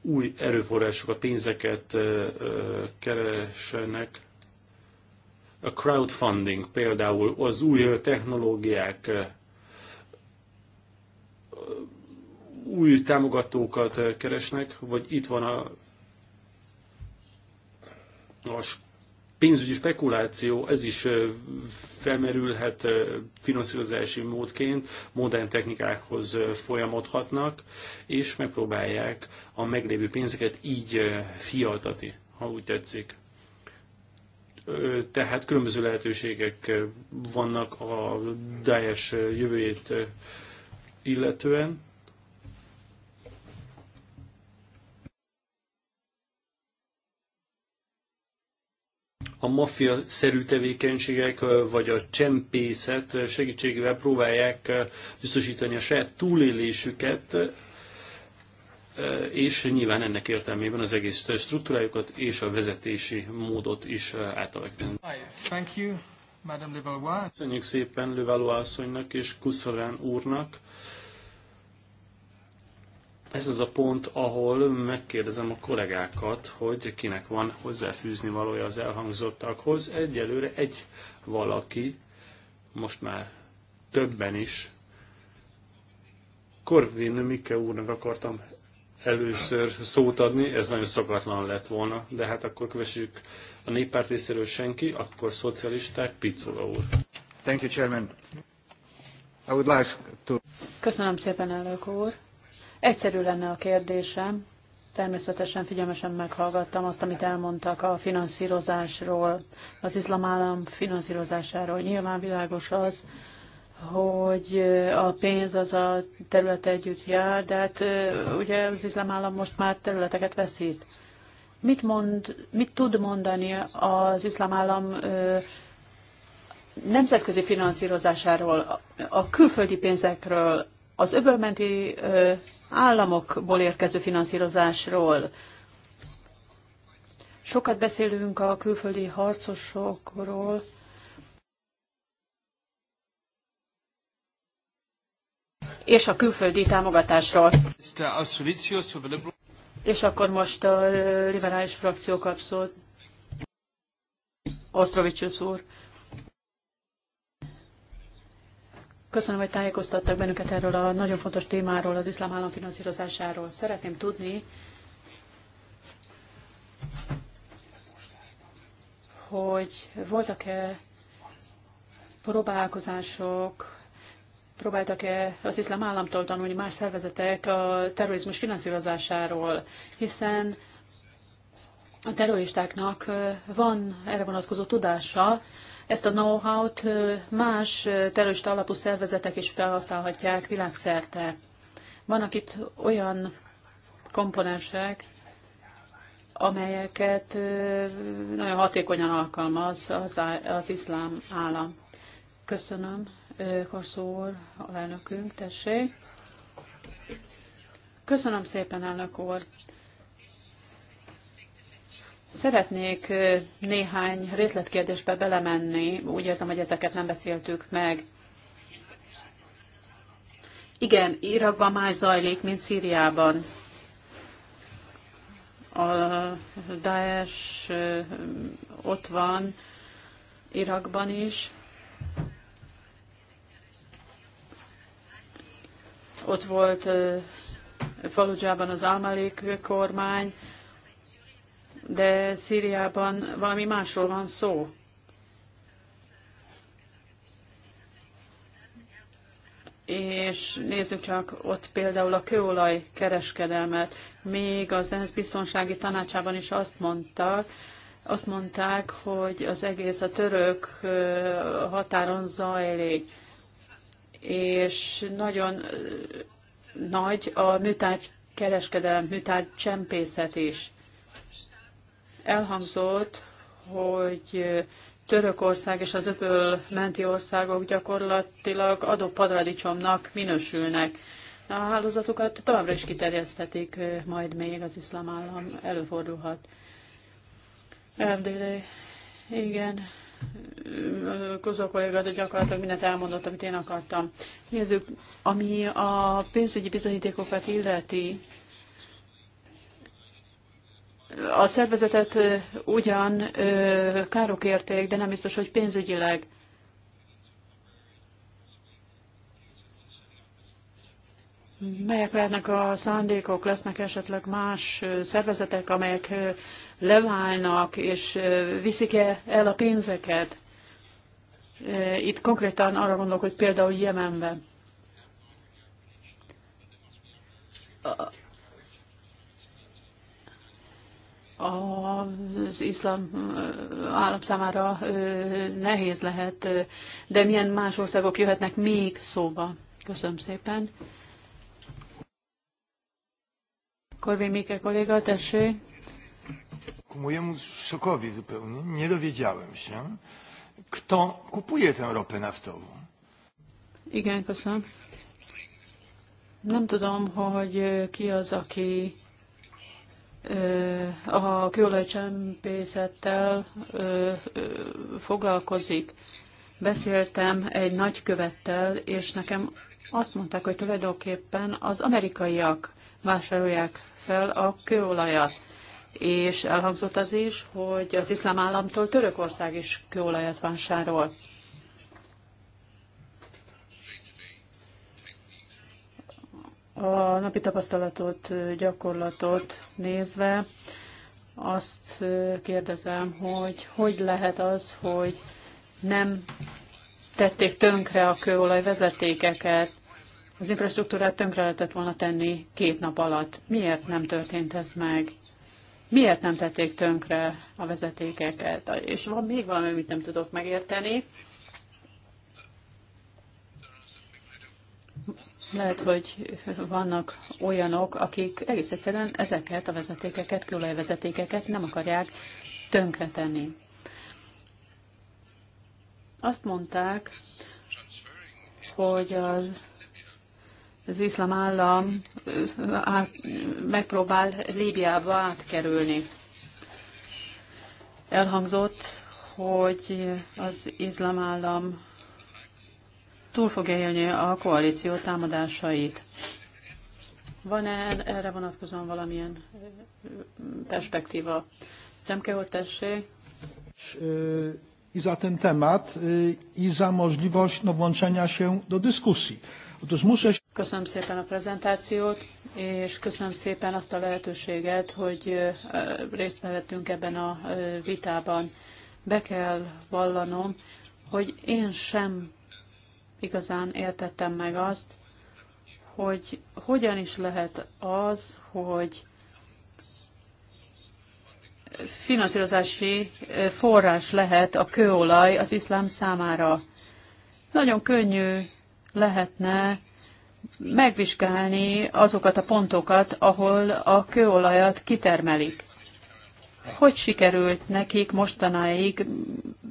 Új erőforrásokat, pénzeket eh, eh, keresenek. A crowdfunding például az új technológiák új támogatókat keresnek, vagy itt van a, a pénzügyi spekuláció, ez is felmerülhet finanszírozási módként, modern technikákhoz folyamodhatnak, és megpróbálják a meglévő pénzeket így fialtati, ha úgy tetszik. Tehát különböző lehetőségek vannak a Daesh jövőjét illetően. a maffia szerű tevékenységek vagy a csempészet segítségével próbálják biztosítani a saját túlélésüket, és nyilván ennek értelmében az egész struktúrájukat és a vezetési módot is átalakítani. Köszönjük szépen Levalois asszonynak és Kusszorán úrnak ez az a pont, ahol megkérdezem a kollégákat, hogy kinek van hozzáfűzni valója az elhangzottakhoz. Egyelőre egy valaki, most már többen is. Korvin Mike úrnak akartam először szót adni, ez nagyon szokatlan lett volna, de hát akkor kövessük a néppárt részéről senki, akkor szocialisták, Picola úr. Thank you, Chairman. I would like to... Köszönöm szépen, elnök úr. Egyszerű lenne a kérdésem. Természetesen figyelmesen meghallgattam azt, amit elmondtak a finanszírozásról, az iszlám állam finanszírozásáról. Nyilván világos az, hogy a pénz az a terület együtt jár, de hát ugye az iszlám állam most már területeket veszít. Mit, mond, mit tud mondani az iszlám állam nemzetközi finanszírozásáról, a külföldi pénzekről, az öbölmenti államokból érkező finanszírozásról. Sokat beszélünk a külföldi harcosokról. És a külföldi támogatásról. És akkor most a liberális frakció kapszott. szót. Osztrovicius úr. Köszönöm, hogy tájékoztattak bennünket erről a nagyon fontos témáról, az iszlám állam finanszírozásáról. Szeretném tudni, hogy voltak-e próbálkozások, próbáltak-e az iszlám államtól tanulni más szervezetek a terrorizmus finanszírozásáról, hiszen a terroristáknak van erre vonatkozó tudása, ezt a know-how-t más terőst alapú szervezetek is felhasználhatják világszerte. Vannak itt olyan komponensek, amelyeket nagyon hatékonyan alkalmaz az, az iszlám állam. Köszönöm, Korszó úr, alelnökünk, tessék. Köszönöm szépen, elnök úr. Szeretnék néhány részletkérdésbe belemenni, úgy érzem, hogy ezeket nem beszéltük meg. Igen, Irakban más zajlik, mint Szíriában. A Daesh ott van, Irakban is. Ott volt Falujában az Almalik kormány, de Szíriában valami másról van szó. És nézzük csak ott például a kőolaj kereskedelmet. Még az ENSZ biztonsági tanácsában is azt mondta, azt mondták, hogy az egész a török határon zajlik, és nagyon nagy a műtárgy kereskedelem, műtárgy csempészet is. Elhangzott, hogy Törökország és az öböl menti országok gyakorlatilag adó padradicsomnak minősülnek. A hálózatukat továbbra is kiterjesztetik, eh, majd még az iszlám állam előfordulhat. Erdélye, igen, Kozó kolléga, de gyakorlatilag mindent elmondott, amit én akartam. Nézzük, ami a pénzügyi bizonyítékokat illeti, a szervezetet ugyan károk érték, de nem biztos, hogy pénzügyileg. Melyek lehetnek a szándékok? Lesznek esetleg más szervezetek, amelyek leválnak és viszik -e el a pénzeket? Itt konkrétan arra gondolok, hogy például Jemenben. az iszlám állam számára nehéz lehet, de milyen más országok jöhetnek még szóba? Köszönöm szépen. Korvi Mike kolléga, tessék. Ku mojemu szokowi zupełnie nie dowiedziałem się, kto kupuje tę ropę naftową. Igen, köszönöm. Nem tudom, hogy ki az, aki a kőolajcsempészettel foglalkozik. Beszéltem egy nagykövettel, és nekem azt mondták, hogy tulajdonképpen az amerikaiak vásárolják fel a kőolajat. És elhangzott az is, hogy az iszlám államtól Törökország is kőolajat vásárol. A napi tapasztalatot, gyakorlatot nézve azt kérdezem, hogy hogy lehet az, hogy nem tették tönkre a kőolaj vezetékeket, az infrastruktúrát tönkre lehetett volna tenni két nap alatt. Miért nem történt ez meg? Miért nem tették tönkre a vezetékeket? És van még valami, amit nem tudok megérteni. Lehet, hogy vannak olyanok, akik egész egyszerűen ezeket a vezetékeket, kőolajvezetékeket nem akarják tönkretenni. Azt mondták, hogy az, az iszlám állam át, megpróbál Líbiába átkerülni. Elhangzott, hogy az iszlám állam túl fogja élni a koalíció támadásait. Van-e erre vonatkozóan valamilyen perspektíva? Szemke, hogy tessék. I za ten temat, i za możliwość no, włączenia się do dyskusji. Otóż muszę... Köszönöm szépen a prezentációt, és köszönöm szépen azt a lehetőséget, hogy részt vehettünk ebben a vitában. Be kell vallanom, hogy én sem igazán értettem meg azt, hogy hogyan is lehet az, hogy finanszírozási eh, forrás lehet a kőolaj az iszlám számára. Nagyon könnyű lehetne megvizsgálni azokat a pontokat, ahol a kőolajat kitermelik hogy sikerült nekik mostanáig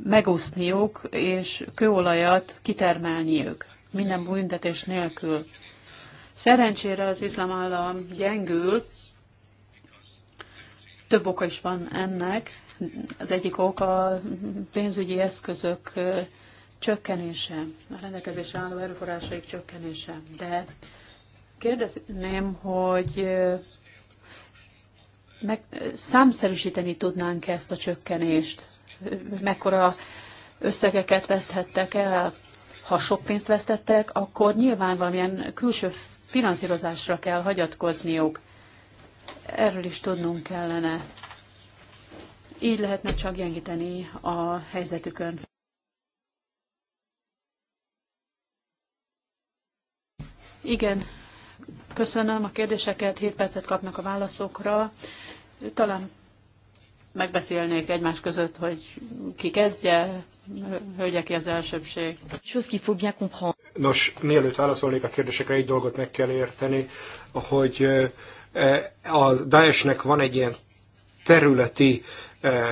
megúszniuk és kőolajat kitermelniük minden büntetés nélkül. Szerencsére az iszlám állam gyengül, több oka is van ennek. Az egyik oka a pénzügyi eszközök csökkenése, a rendelkezés álló erőforrásaik csökkenése. De kérdezném, hogy meg, számszerűsíteni tudnánk ezt a csökkenést? Mekkora összegeket veszthettek el? Ha sok pénzt vesztettek, akkor nyilván valamilyen külső finanszírozásra kell hagyatkozniuk. Erről is tudnunk kellene. Így lehetne csak gyengíteni a helyzetükön. Igen, Köszönöm a kérdéseket, 7 percet kapnak a válaszokra. Talán megbeszélnék egymás között, hogy ki kezdje, hölgye ki az elsőbség. Nos, mielőtt válaszolnék a kérdésekre, egy dolgot meg kell érteni, hogy eh, a Daesh-nek van egy ilyen területi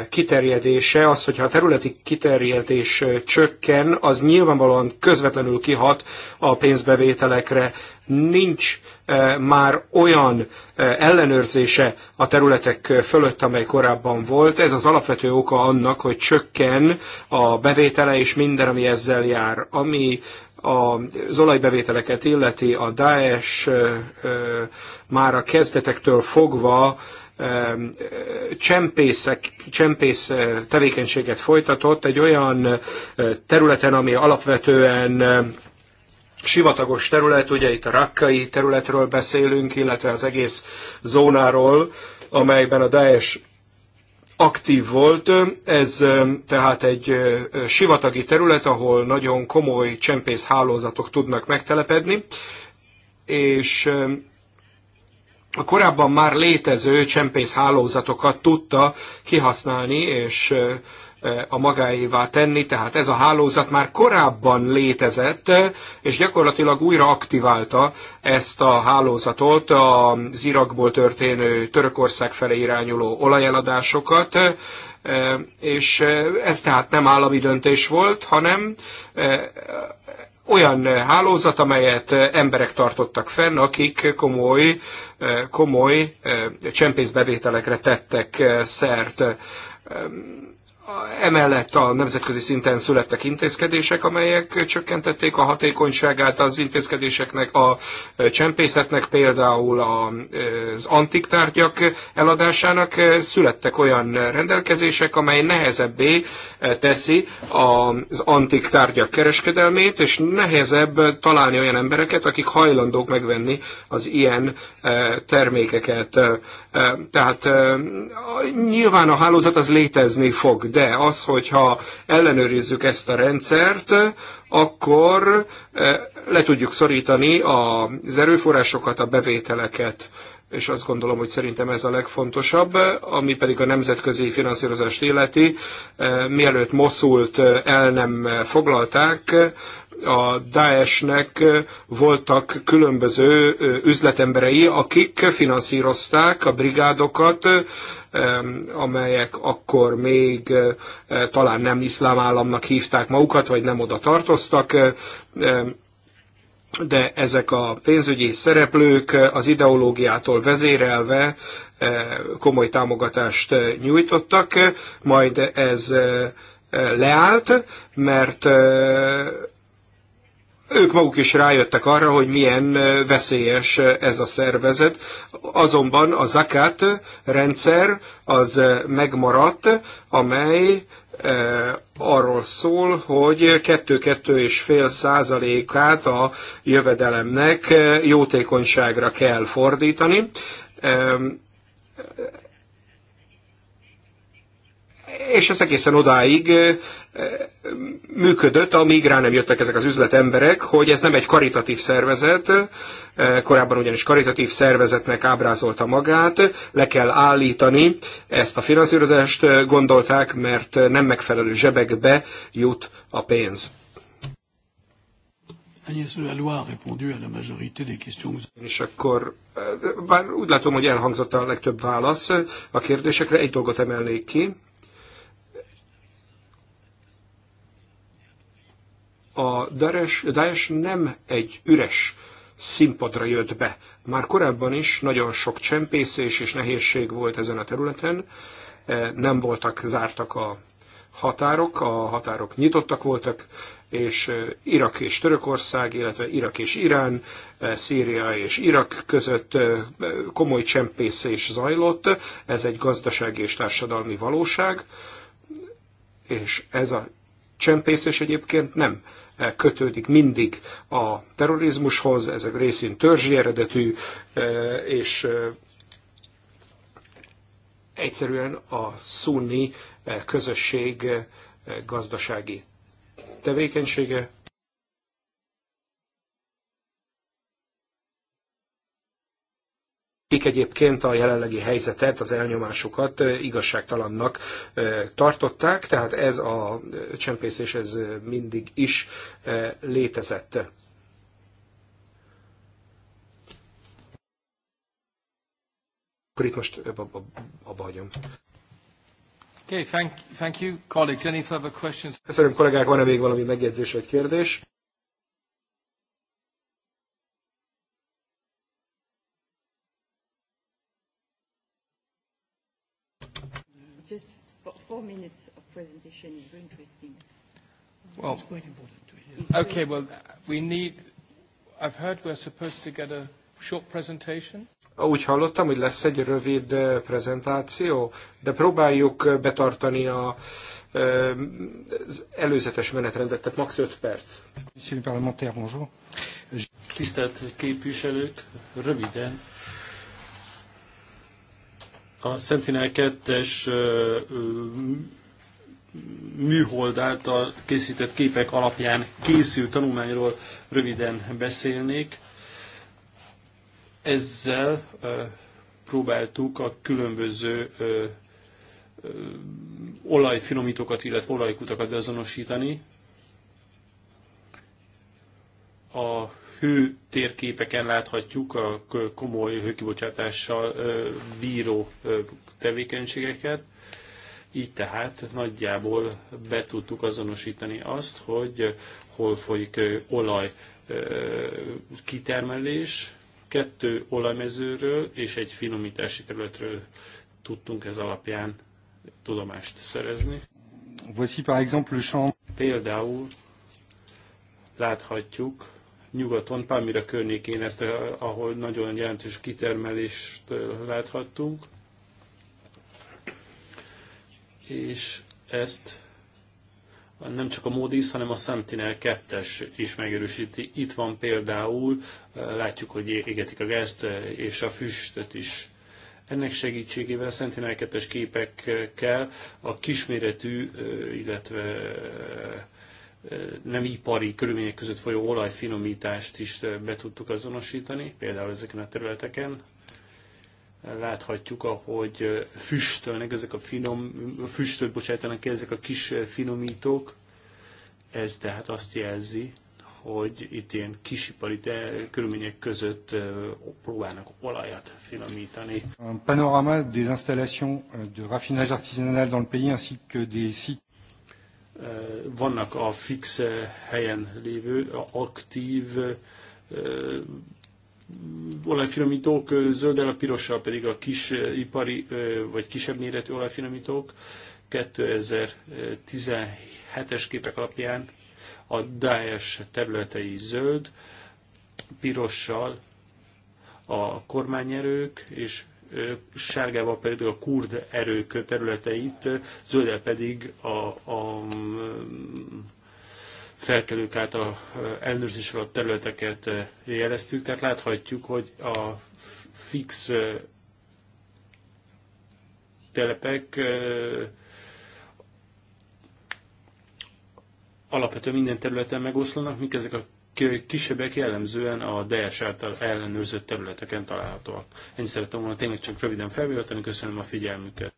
kiterjedése, az, hogyha a területi kiterjedés csökken, az nyilvánvalóan közvetlenül kihat a pénzbevételekre. Nincs már olyan ellenőrzése a területek fölött, amely korábban volt. Ez az alapvető oka annak, hogy csökken a bevétele és minden, ami ezzel jár. Ami az olajbevételeket illeti, a Daesh már a kezdetektől fogva csempészek, csempész eh, tevékenységet folytatott egy olyan eh, területen, ami alapvetően eh, sivatagos terület, ugye itt a rakkai területről beszélünk, illetve az egész zónáról, amelyben a Daesh aktív volt. Ez tehát egy sivatagi terület, ahol nagyon komoly csempész hálózatok tudnak megtelepedni, és a korábban már létező csempész hálózatokat tudta kihasználni és a magáévá tenni, tehát ez a hálózat már korábban létezett, és gyakorlatilag újra aktiválta ezt a hálózatot, az Irakból történő Törökország felé irányuló olajeladásokat, és ez tehát nem állami döntés volt, hanem olyan eh, hálózat, amelyet eh, emberek tartottak fenn, akik komoly, eh, komoly csempészbevételekre tettek szert. Emellett a nemzetközi szinten születtek intézkedések, amelyek csökkentették a hatékonyságát az intézkedéseknek, a csempészetnek, például az antik tárgyak eladásának születtek olyan rendelkezések, amely nehezebbé teszi az antik tárgyak kereskedelmét, és nehezebb találni olyan embereket, akik hajlandók megvenni az ilyen termékeket. Tehát nyilván a hálózat az létezni fog, de az, hogyha ellenőrizzük ezt a rendszert, akkor eh, le tudjuk szorítani az erőforrásokat, a bevételeket és azt gondolom, hogy szerintem ez a legfontosabb, ami pedig a nemzetközi finanszírozást illeti. Eh, mielőtt Moszult eh, el nem foglalták, a Daesh-nek voltak különböző üzletemberei, akik finanszírozták a brigádokat, amelyek akkor még talán nem iszlám államnak hívták magukat, vagy nem oda tartoztak, de ezek a pénzügyi szereplők az ideológiától vezérelve komoly támogatást nyújtottak, majd ez leállt, mert ők maguk is rájöttek arra, hogy milyen veszélyes ez a szervezet. Azonban a zakát rendszer az megmaradt, amely arról szól, hogy 2-2,5 százalékát a jövedelemnek jótékonyságra kell fordítani és ez egészen odáig működött, amíg rá nem jöttek ezek az üzletemberek, hogy ez nem egy karitatív szervezet, korábban ugyanis karitatív szervezetnek ábrázolta magát, le kell állítani ezt a finanszírozást, gondolták, mert nem megfelelő zsebekbe jut a pénz. a És akkor, bár úgy látom, hogy elhangzott a legtöbb válasz a kérdésekre, egy dolgot emelnék ki. a Daesh nem egy üres színpadra jött be. Már korábban is nagyon sok csempészés és nehézség volt ezen a területen, e, nem voltak zártak a határok, a határok nyitottak voltak, és e, Irak és Törökország, illetve Irak és Irán, e, Szíria és Irak között komoly csempészés zajlott. Ez egy gazdasági és társadalmi valóság, és ez a csempészés egyébként nem kötődik mindig a terrorizmushoz, ezek részén törzsi eredetű, e, és e, egyszerűen a szunni e, közösség gazdasági tevékenysége akik egyébként a jelenlegi helyzetet, az elnyomásokat igazságtalannak tartották, tehát ez a csempészés ez mindig is létezett. Akkor itt most abba hagyom. Okay, thank, thank you, colleagues. Any further questions? Köszönöm, kollégák, van-e még valami megjegyzés vagy kérdés? four minutes of presentation is very interesting. Well, it's quite important to hear. It's okay, well, uh, we need, I've heard we're supposed to get a short presentation. Úgy hallottam, hogy lesz egy rövid prezentáció, de próbáljuk betartani a, az előzetes menetrendet, tehát max. 5 perc. Tisztelt képviselők, röviden a Sentinel 2-es műhold által készített képek alapján készült tanulmányról röviden beszélnék. Ezzel próbáltuk a különböző olajfinomítókat, illetve olajkutakat beazonosítani. A hő térképeken láthatjuk a komoly hőkibocsátással bíró tevékenységeket. Így tehát nagyjából be tudtuk azonosítani azt, hogy hol folyik olaj kitermelés, kettő olajmezőről és egy finomítási területről tudtunk ez alapján tudomást szerezni. Voici par exemple le champ. Például láthatjuk nyugaton, Pamira környékén ezt, eh, ahol nagyon jelentős kitermelést eh, láthattunk. És ezt nem csak a Moody's, hanem a Sentinel 2-es is megerősíti. Itt van például, eh, látjuk, hogy égetik a gázt és a füstöt is. Ennek segítségével a Sentinel 2-es képekkel a kisméretű, illetve nem ipari körülmények között folyó olajfinomítást is eh, be tudtuk azonosítani, például ezeken a területeken. Láthatjuk, ahogy eh, füstölnek ezek a finom, füstöt bocsátanak ki ezek a kis eh, finomítók. Ez tehát azt jelzi, hogy itt ilyen kisipari de körülmények között próbálnak olajat finomítani. Un panorama des installations de raffinage artisanal dans le pays ainsi que des sites vannak a fix eh, helyen lévő, aktív eh, mm, olajfinomítók, eh, zöldel a pirossal pedig a kis ipari vagy kisebb méretű olajfinomítók. 2017-es képek alapján a Daesh területei zöld, pirossal a kormányerők és sárgával pedig a kurd erők területeit, zöldel pedig a, a mm, felkelők által ellenőrzés alatt területeket jeleztük, tehát láthatjuk, hogy a fix telepek alapvetően minden területen megoszlanak, mik ezek a kisebbek jellemzően a DS által ellenőrzött területeken találhatóak. Ennyi szerettem volna tényleg csak röviden felvillatani, köszönöm a figyelmüket.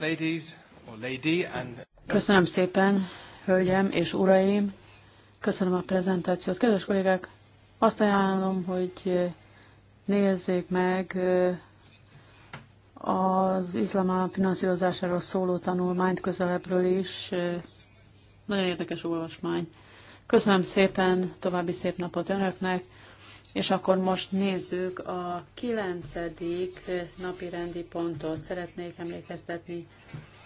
Ladies, or lady and... Köszönöm szépen, hölgyem és uraim, köszönöm a prezentációt. Kedves kollégák, azt ajánlom, hogy eh, nézzék meg eh, az állam finanszírozásáról szóló tanulmányt közelebbről is. Eh, nagyon érdekes olvasmány. Köszönöm szépen, további szép napot önöknek, és akkor most nézzük a kilencedik napi rendi pontot. Szeretnék emlékeztetni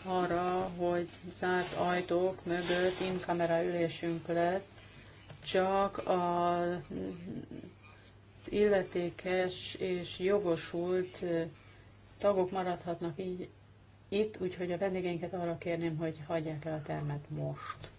arra, hogy zárt ajtók mögött kamera ülésünk lett, csak a, az illetékes és jogosult tagok maradhatnak így itt, úgyhogy a vendégeinket arra kérném, hogy hagyják el a termet most.